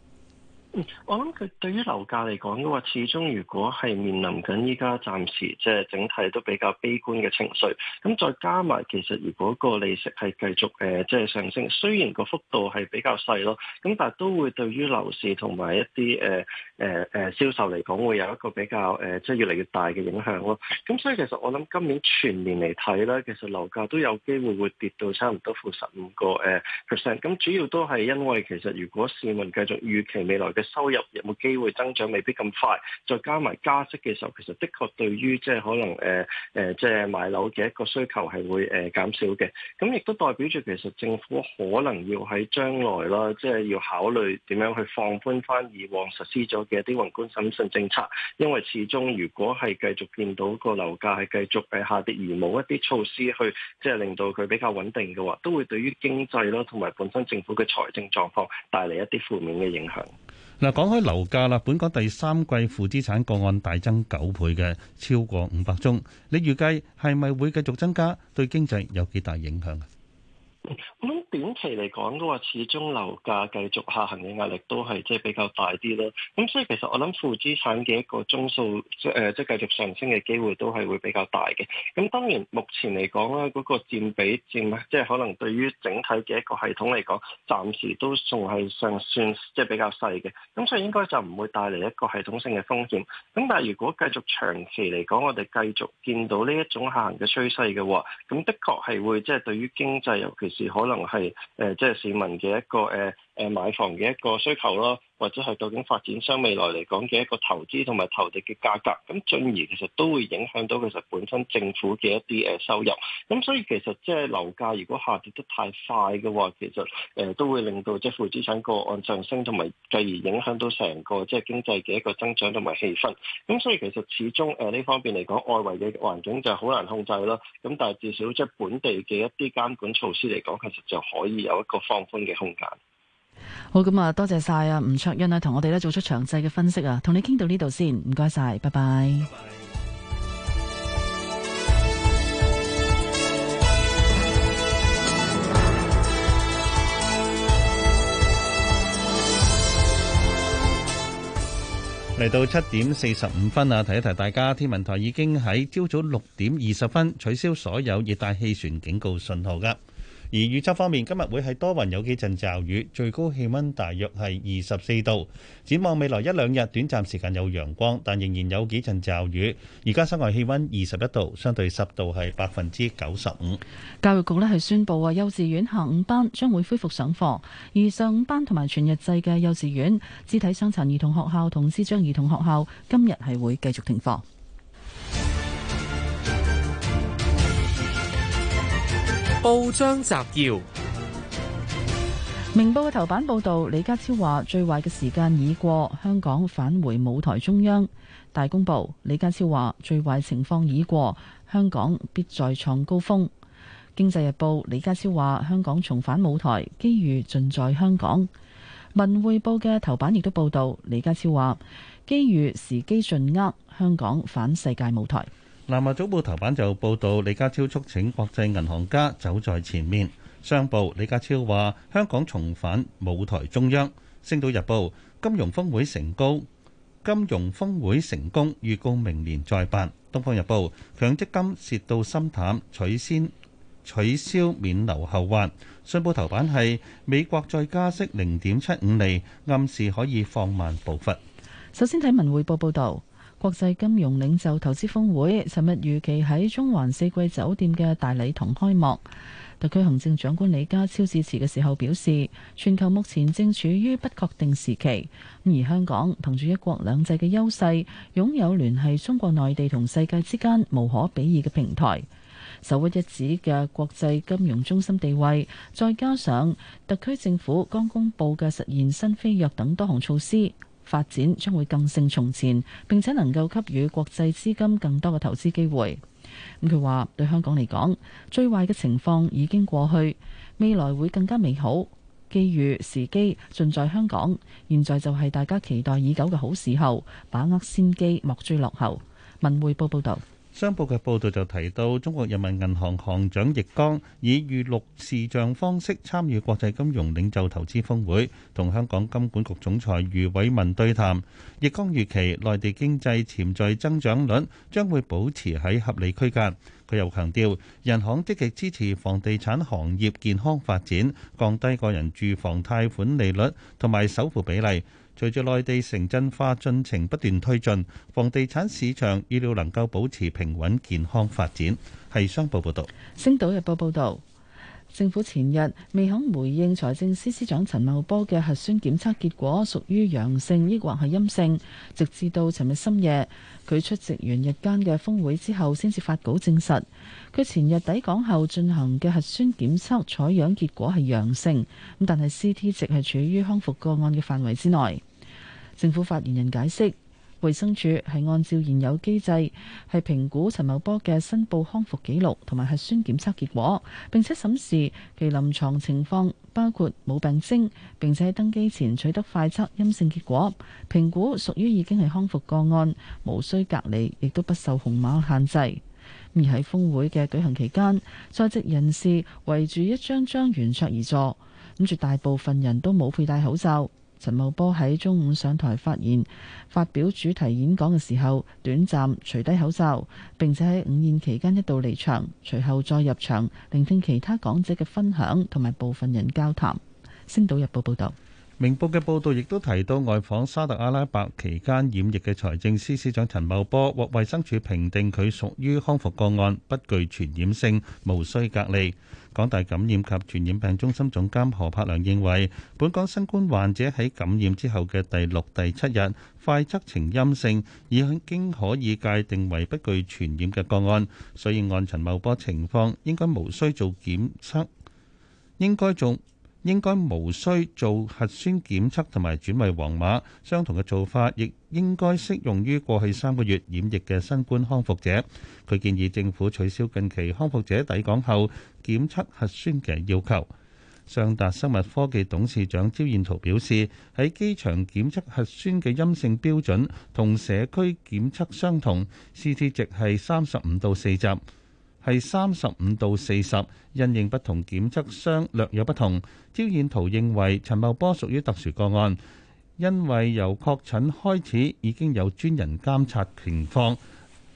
我諗佢對於樓價嚟講嘅話，始終如果係面臨緊依家暫時即係整體都比較悲觀嘅情緒，咁再加埋其實如果個利息係繼續誒即係上升，雖然個幅度係比較細咯，咁但係都會對於樓市同埋一啲誒誒誒銷售嚟講，會有一個比較誒即係越嚟越大嘅影響咯。咁所以其實我諗今年全年嚟睇咧，其實樓價都有機會會跌到差唔多負十五個誒 percent。咁主要都係因為其實如果市民繼續預期未來，嘅收入有冇機會增長未必咁快，再加埋加息嘅時候，其實的確對於即係可能誒誒即係買樓嘅一個需求係會誒減少嘅。咁亦都代表住其實政府可能要喺將來啦，即係要考慮點樣去放寬翻以往實施咗嘅一啲宏觀審慎政策，因為始終如果係繼續見到個樓價係繼續誒下跌，而冇一啲措施去即係令到佢比較穩定嘅話，都會對於經濟啦同埋本身政府嘅財政狀況帶嚟一啲負面嘅影響。嗱，講開樓價啦，本港第三季負資產個案大增九倍嘅，超過五百宗。你預計係咪會繼續增加？對經濟有幾大影響啊？短期嚟講，嗰個始終樓價繼續下行嘅壓力都係即係比較大啲咯。咁所以其實我諗負資產嘅一個中數，即係誒，即係繼續上升嘅機會都係會比較大嘅。咁當然目前嚟講咧，嗰個佔比佔即係可能對於整體嘅一個系統嚟講，暫時都仲係尚算即係比較細嘅。咁所以應該就唔會帶嚟一個系統性嘅風險。咁但係如果繼續長期嚟講，我哋繼續見到呢一種下行嘅趨勢嘅話，咁的確係會即係對於經濟，尤其是可能係。係誒、呃，即係市民嘅一個誒。呃誒買房嘅一個需求咯，或者係究竟發展商未來嚟講嘅一個投資同埋投地嘅價格，咁進而其實都會影響到其實本身政府嘅一啲誒收入。咁所以其實即係樓價如果下跌得太快嘅話，其實誒都會令到即係負資產個案上升，同埋繼而影響到成個即係經濟嘅一個增長同埋氣氛。咁所以其實始終誒呢方面嚟講，外圍嘅環境就好難控制啦。咁但係至少即係本地嘅一啲監管措施嚟講，其實就可以有一個放寬嘅空間。好咁啊，多謝晒啊，吳卓恩啊，同我哋咧做出詳細嘅分析啊，同你傾到呢度先，唔該晒，拜拜。嚟到七點四十五分啊，提一提大家，天文台已經喺朝早六點二十分取消所有熱帶氣旋警告信號㗎。而預測方面，今日會係多雲有幾陣驟雨，最高氣温大約係二十四度。展望未來一兩日，短暫時間有陽光，但仍然有幾陣驟雨。而家室外氣温二十一度，相對濕度係百分之九十五。教育局咧係宣布啊，幼稚園下午班將會恢復上課，而上午班同埋全日制嘅幼稚園、肢體傷殘兒童學校同智障兒童學校今日係會繼續停課。報章集要明報嘅頭版報道李家超話最壞嘅時間已過，香港返回舞台中央。大公報李家超話最壞情況已過，香港必再創高峰。經濟日報李家超話香港重返舞台，機遇盡在香港。文匯報嘅頭版亦都報道李家超話機遇時機盡握，香港返世界舞台。南華早報頭版就報道李家超促請國際銀行家走在前面。商報李家超話香港重返舞台中央。星島日報金融峰會成功，金融峰會成功，預告明年再辦。東方日報強積金蝕到心淡，取先取消免留後患。信報頭版係美國再加息零點七五厘，暗示可以放慢步伐。首先睇文匯報報道。國際金融領袖投資峰會尋日預期喺中環四季酒店嘅大禮堂開幕。特區行政長官李家超致辭嘅時候表示，全球目前正處於不確定時期，而香港憑住一國兩制嘅優勢，擁有聯繫中國內地同世界之間無可比擬嘅平台，首屈一指嘅國際金融中心地位，再加上特區政府剛公布嘅實現新飛躍等多項措施。發展將會更勝從前，並且能夠給予國際資金更多嘅投資機會。咁佢話對香港嚟講，最壞嘅情況已經過去，未來會更加美好，機遇時機盡在香港，現在就係大家期待已久嘅好時候，把握先機，莫追落後。文匯報報道。商報嘅報道就提到，中國人民銀行行長易剛以預錄視像方式參與國際金融領袖投資峰會，同香港金管局總裁余偉文對談。易剛預期內地經濟潛在增長率將會保持喺合理區間。佢又強調，人行積極支持房地產行業健康發展，降低個人住房貸款利率同埋首付比例。隨住內地城鎮化進程不斷推進，房地產市場預料能夠保持平穩健康發展。係商報報道。《星島日報》報道，政府前日未肯回應財政司司長陳茂波嘅核酸檢測結果屬於陽性，抑或係陰性，直至到尋日深夜佢出席完日間嘅峰會之後，先至發稿證實佢前日抵港後進行嘅核酸檢測採樣結果係陽性，咁但係 C T 值係處於康復個案嘅範圍之內。政府發言人解釋，衛生署係按照現有機制，係評估陳茂波嘅申報康復記錄同埋核酸檢測結果，並且審視其臨床情況，包括冇病徵，並且喺登機前取得快測陰性結果，評估屬於已經係康復個案，無需隔離，亦都不受紅碼限制。而喺峰會嘅舉行期間，在職人士圍住一張張圓桌而坐，諗住大部分人都冇佩戴口罩。陳茂波喺中午上台發言，發表主題演講嘅時候，短暫除低口罩，並且喺午宴期間一度離場，隨後再入場聆聽其他講者嘅分享，同埋部分人交談。星島日報報道，明報嘅報道亦都提到，外訪沙特阿拉伯期間染疫嘅財政司司長陳茂波獲衛，衛生署評定佢屬於康復個案，不具傳染性，無需隔離。港大感染及傳染病中心總監何柏良認為，本港新冠患者喺感染之後嘅第六、第七日快測呈陰性，已經可以界定為不具傳染嘅個案，所以按陳茂波情況，應該無需做檢測，應該做。應該無需做核酸檢測同埋轉為黃碼，相同嘅做法亦應該適用於過去三個月染疫嘅新冠康復者。佢建議政府取消近期康復者抵港後檢測核酸嘅要求。上達生物科技董事長焦彥圖表示，喺機場檢測核酸嘅陰性標準同社區檢測相同，Ct 值係三十五到四十。係三十五到四十，因應不同檢測商略有不同。焦健圖認為陳茂波屬於特殊個案，因為由確診開始已經有專人監察情況，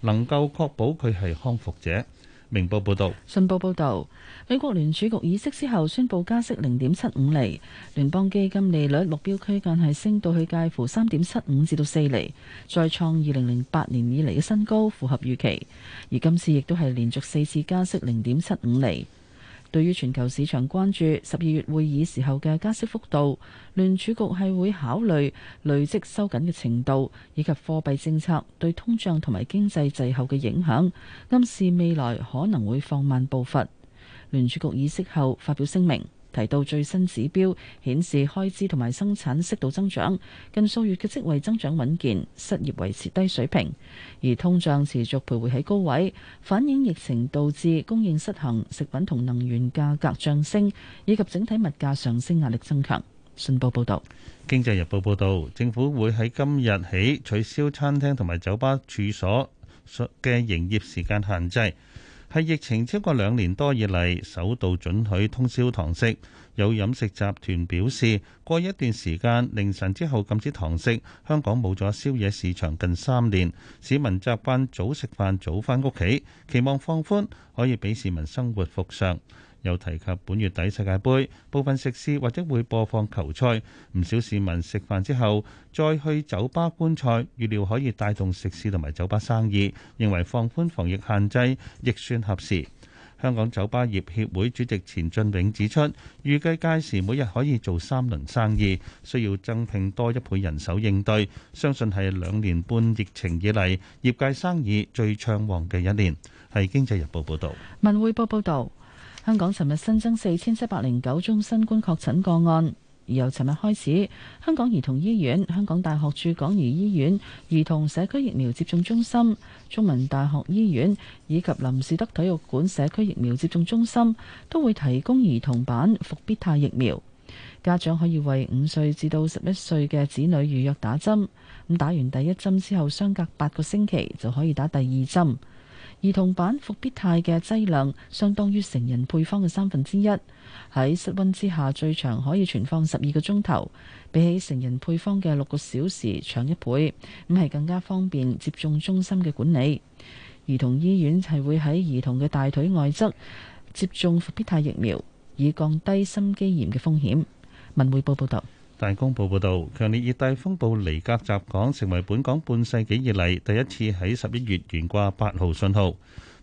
能夠確保佢係康復者。明報報導，信報報導。美國聯儲局議息之後宣布加息零點七五厘，聯邦基金利率目標區間係升到去介乎三點七五至到四厘，再創二零零八年以嚟嘅新高，符合預期。而今次亦都係連續四次加息零點七五厘。對於全球市場關注十二月會議時候嘅加息幅度，聯儲局係會考慮累積收緊嘅程度以及貨幣政策對通脹同埋經濟滯後嘅影響，暗示未來可能會放慢步伐。聯儲局議息後發表聲明，提到最新指標顯示開支同埋生產適度增長，近數月嘅職位增長穩健，失業維持低水平，而通脹持續徘徊喺高位，反映疫情導致供應失衡，食品同能源價格漲上升，以及整體物價上升壓力增強。信報報道，《經濟日報》報道，政府會喺今日起取消餐廳同埋酒吧處所嘅營業時間限制。係疫情超過兩年多以嚟首度准許通宵堂食，有飲食集團表示，過一段時間凌晨之後禁止堂食。香港冇咗宵夜市場近三年，市民習慣早食飯早翻屋企，期望放寬可以俾市民生活復常。有提及本月底世界杯部分食肆或者會播放球賽，唔少市民食飯之後再去酒吧觀賽，預料可以帶動食肆同埋酒吧生意。認為放寬防疫限制亦算合時，香港酒吧業協會主席錢俊永指出，預計屆時每日可以做三輪生意，需要增聘多一倍人手應對，相信係兩年半疫情以嚟業界生意最暢旺嘅一年。係經濟日報報道文匯報報道。香港尋日新增四千七百零九宗新冠確診個案。而由尋日開始，香港兒童醫院、香港大學駐港兒醫院、兒童社區疫苗接種中心、中文大學醫院以及林士德體育館社區疫苗接種中心都會提供兒童版復必泰疫苗。家長可以為五歲至到十一歲嘅子女預約打針。咁打完第一針之後，相隔八個星期就可以打第二針。兒童版復必泰嘅劑量相當於成人配方嘅三分之一，喺室温之下最長可以存放十二個鐘頭，比起成人配方嘅六個小時長一倍，咁係更加方便接種中心嘅管理。兒童醫院係會喺兒童嘅大腿外側接種復必泰疫苗，以降低心肌炎嘅風險。文匯報報道。大公報報導，強烈熱帶風暴尼格襲港，成為本港半世紀以嚟第一次喺十一月懸掛八號信號。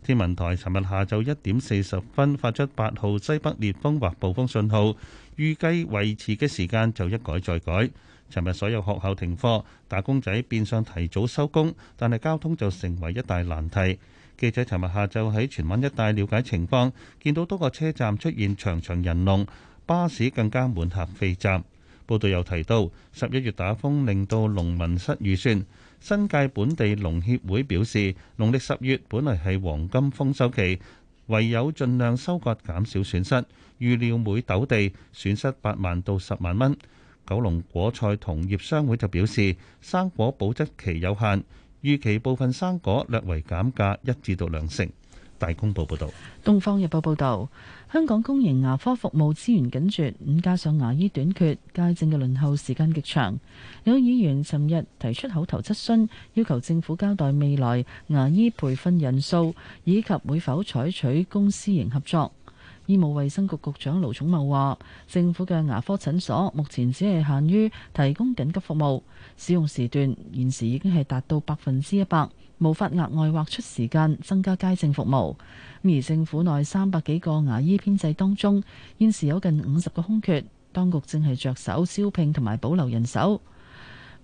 天文台尋日下晝一點四十分發出八號西北烈風或暴風信號，預計維持嘅時間就一改再改。尋日所有學校停課，打工仔變相提早收工，但係交通就成為一大難題。記者尋日下晝喺荃灣一帶瞭解情況，見到多個車站出現長長人龍，巴士更加滿客飛站。報道又提到，十一月打風令到農民失預算。新界本地農協會表示，農曆十月本嚟係黃金豐收期，唯有盡量收割減少損失。預料每斗地損失八萬到十萬蚊。九龍果菜同業商會就表示，生果保質期有限，預期部分生果略為減價一至到兩成。大公報報導，《東方日報》報導。香港公營牙科服務資源緊絀，加上牙醫短缺，街症嘅輪候時間極長。有議員尋日提出口頭質詢，要求政府交代未來牙醫培訓人數，以及會否採取公私營合作。醫務衛生局局長盧寵茂話，政府嘅牙科診所目前只係限於提供緊急服務，使用時段現時已經係達到百分之一百，無法額外劃出時間增加街症服務。而政府內三百幾個牙醫編制當中，現時有近五十個空缺，當局正係着手招聘同埋保留人手。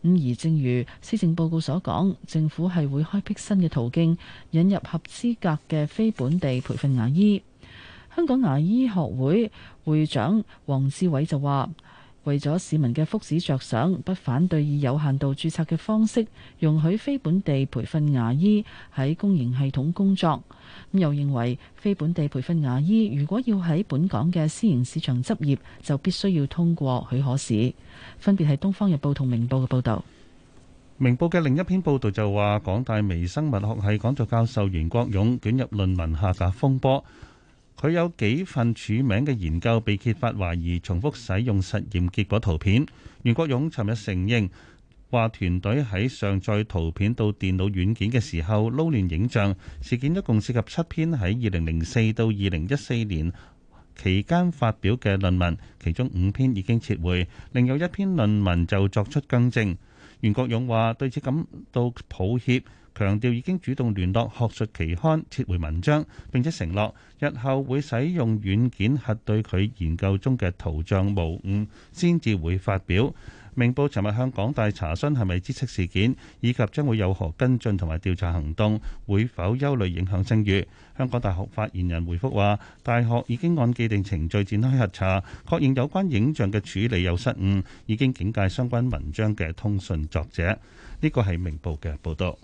咁而正如施政報告所講，政府係會開闢新嘅途徑，引入合資格嘅非本地培訓牙醫。香港牙醫學會會長黃志偉就話：為咗市民嘅福祉着想，不反對以有限度註冊嘅方式容許非本地培訓牙醫喺公營系統工作。咁又認為非本地培訓牙醫如果要喺本港嘅私營市場執業，就必須要通過許可試。分別係《東方日報》同《明報》嘅報導。《明報》嘅另一篇報導就話：港大微生物學系講座教授袁國勇捲入論文下架風波。佢有幾份署名嘅研究被揭發懷疑重複使用實驗結果圖片。袁國勇尋日承認話團隊喺上載圖片到電腦軟件嘅時候撈亂影像，事件一共涉及七篇喺二零零四到二零一四年期間發表嘅論文，其中五篇已經撤回，另有一篇論文就作出更正。袁國勇話對此感到抱歉。強調已經主動聯絡學術期刊撤回文章，並且承諾日後會使用軟件核對佢研究中嘅圖像無誤先至會發表。明報尋日向港大查詢係咪知悉事件，以及將會有何跟進同埋調查行動，會否憂慮影響聲譽。香港大學發言人回覆話：大學已經按既定程序展開核查，確認有關影像嘅處理有失誤，已經警戒相關文章嘅通訊作者。呢個係明報嘅報導。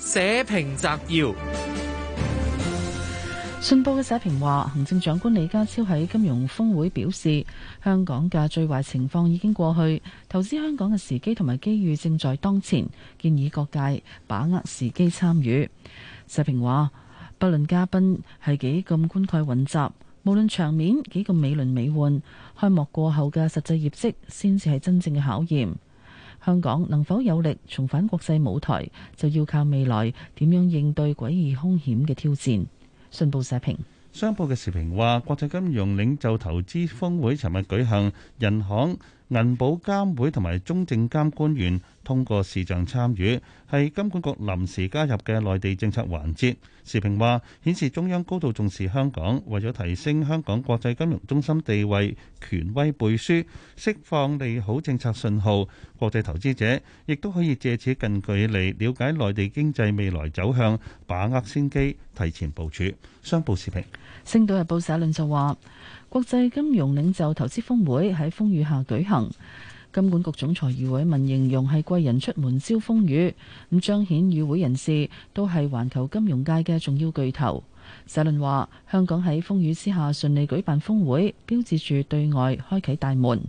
社評摘要。信報嘅社評話，行政長官李家超喺金融峰會表示，香港嘅最壞情況已經過去，投資香港嘅時機同埋機遇正在當前，建議各界把握時機參與。社評話，不論嘉賓係幾咁感慨雲集。無論場面幾咁美輪美奐，開幕過後嘅實際業績，先至係真正嘅考驗。香港能否有力重返國際舞台，就要靠未來點樣應對詭異兇險嘅挑戰。信報社評。商報嘅時評話，國際金融領袖投資峰會尋日舉行，銀行。銀保監會同埋中證監官員通過視像參與，係金管局臨時加入嘅內地政策環節。時評話顯示中央高度重視香港，為咗提升香港國際金融中心地位，權威背書，釋放利好政策信號，國際投資者亦都可以借此近距離了解內地經濟未來走向，把握先機，提前部署。商報時評，星島日報社論就話。國際金融領袖投資峰會喺風雨下舉行，金管局總裁余偉文形容係貴人出門招風雨。咁彰顯與會人士都係環球金融界嘅重要巨頭。社論話，香港喺風雨之下順利舉辦峰會，標誌住對外開啟大門。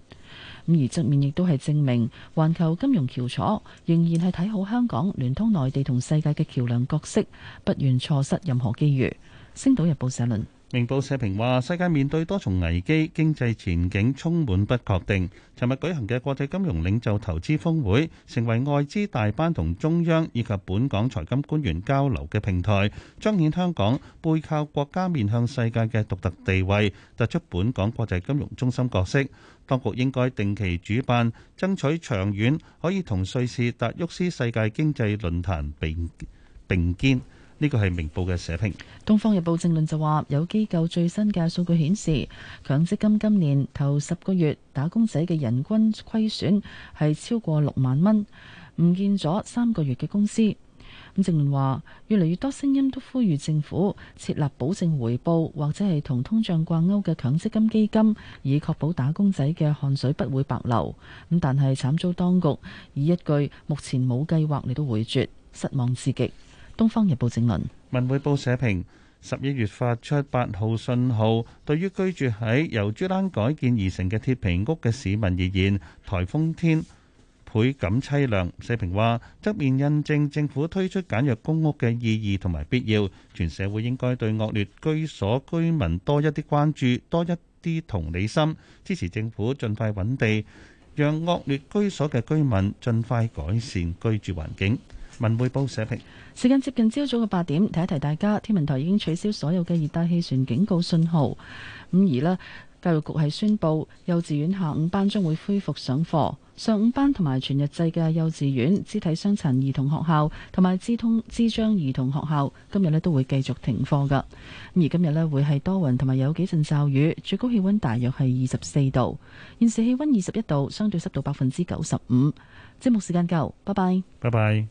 咁而側面亦都係證明環球金融翹楚楚仍然係睇好香港聯通內地同世界嘅橋樑角色，不願錯失任何機遇。星島日報社論。明報社評話：世界面對多重危機，經濟前景充滿不確定。尋日舉行嘅國際金融領袖投資峯會，成為外資大班同中央以及本港財金官員交流嘅平台，彰顯香港背靠國家面向世界嘅獨特地位，突出本港國際金融中心角色。當局應該定期主辦，爭取長遠可以同瑞士達沃斯世界經濟論壇並並肩。呢個係明報嘅社評。《東方日報》政論就話，有機構最新嘅數據顯示，強積金今年頭十個月打工仔嘅人均虧損係超過六萬蚊，唔見咗三個月嘅工資。咁政論話，越嚟越多聲音都呼籲政府設立保證回報或者係同通脹掛鈎嘅強積金基金，以確保打工仔嘅汗水不會白流。咁但係慘遭當局以一句目前冇計劃嚟到回絕，失望至極。《東方日報》正文，《文匯報》社評十一月發出八號信號，對於居住喺由豬欄改建而成嘅鐵皮屋嘅市民而言，颱風天倍感淒涼。社評話：側面印證政府推出簡約公屋嘅意義同埋必要，全社會應該對惡劣居所居民多一啲關注，多一啲同理心，支持政府盡快揾地，讓惡劣居所嘅居民盡快改善居住環境。文匯報社評。時間接近朝早嘅八點，提一提大家，天文台已經取消所有嘅熱帶氣旋警告信號。咁而呢，教育局係宣布幼稚園下午班將會恢復上課，上午班同埋全日制嘅幼稚園、肢體傷殘兒童學校同埋肢通肢障兒童學校今日呢都會繼續停課噶。咁而今日呢會係多雲同埋有幾陣驟雨，最高氣溫大約係二十四度，現時氣溫二十一度，相對濕度百分之九十五。節目時間夠，拜拜。拜拜。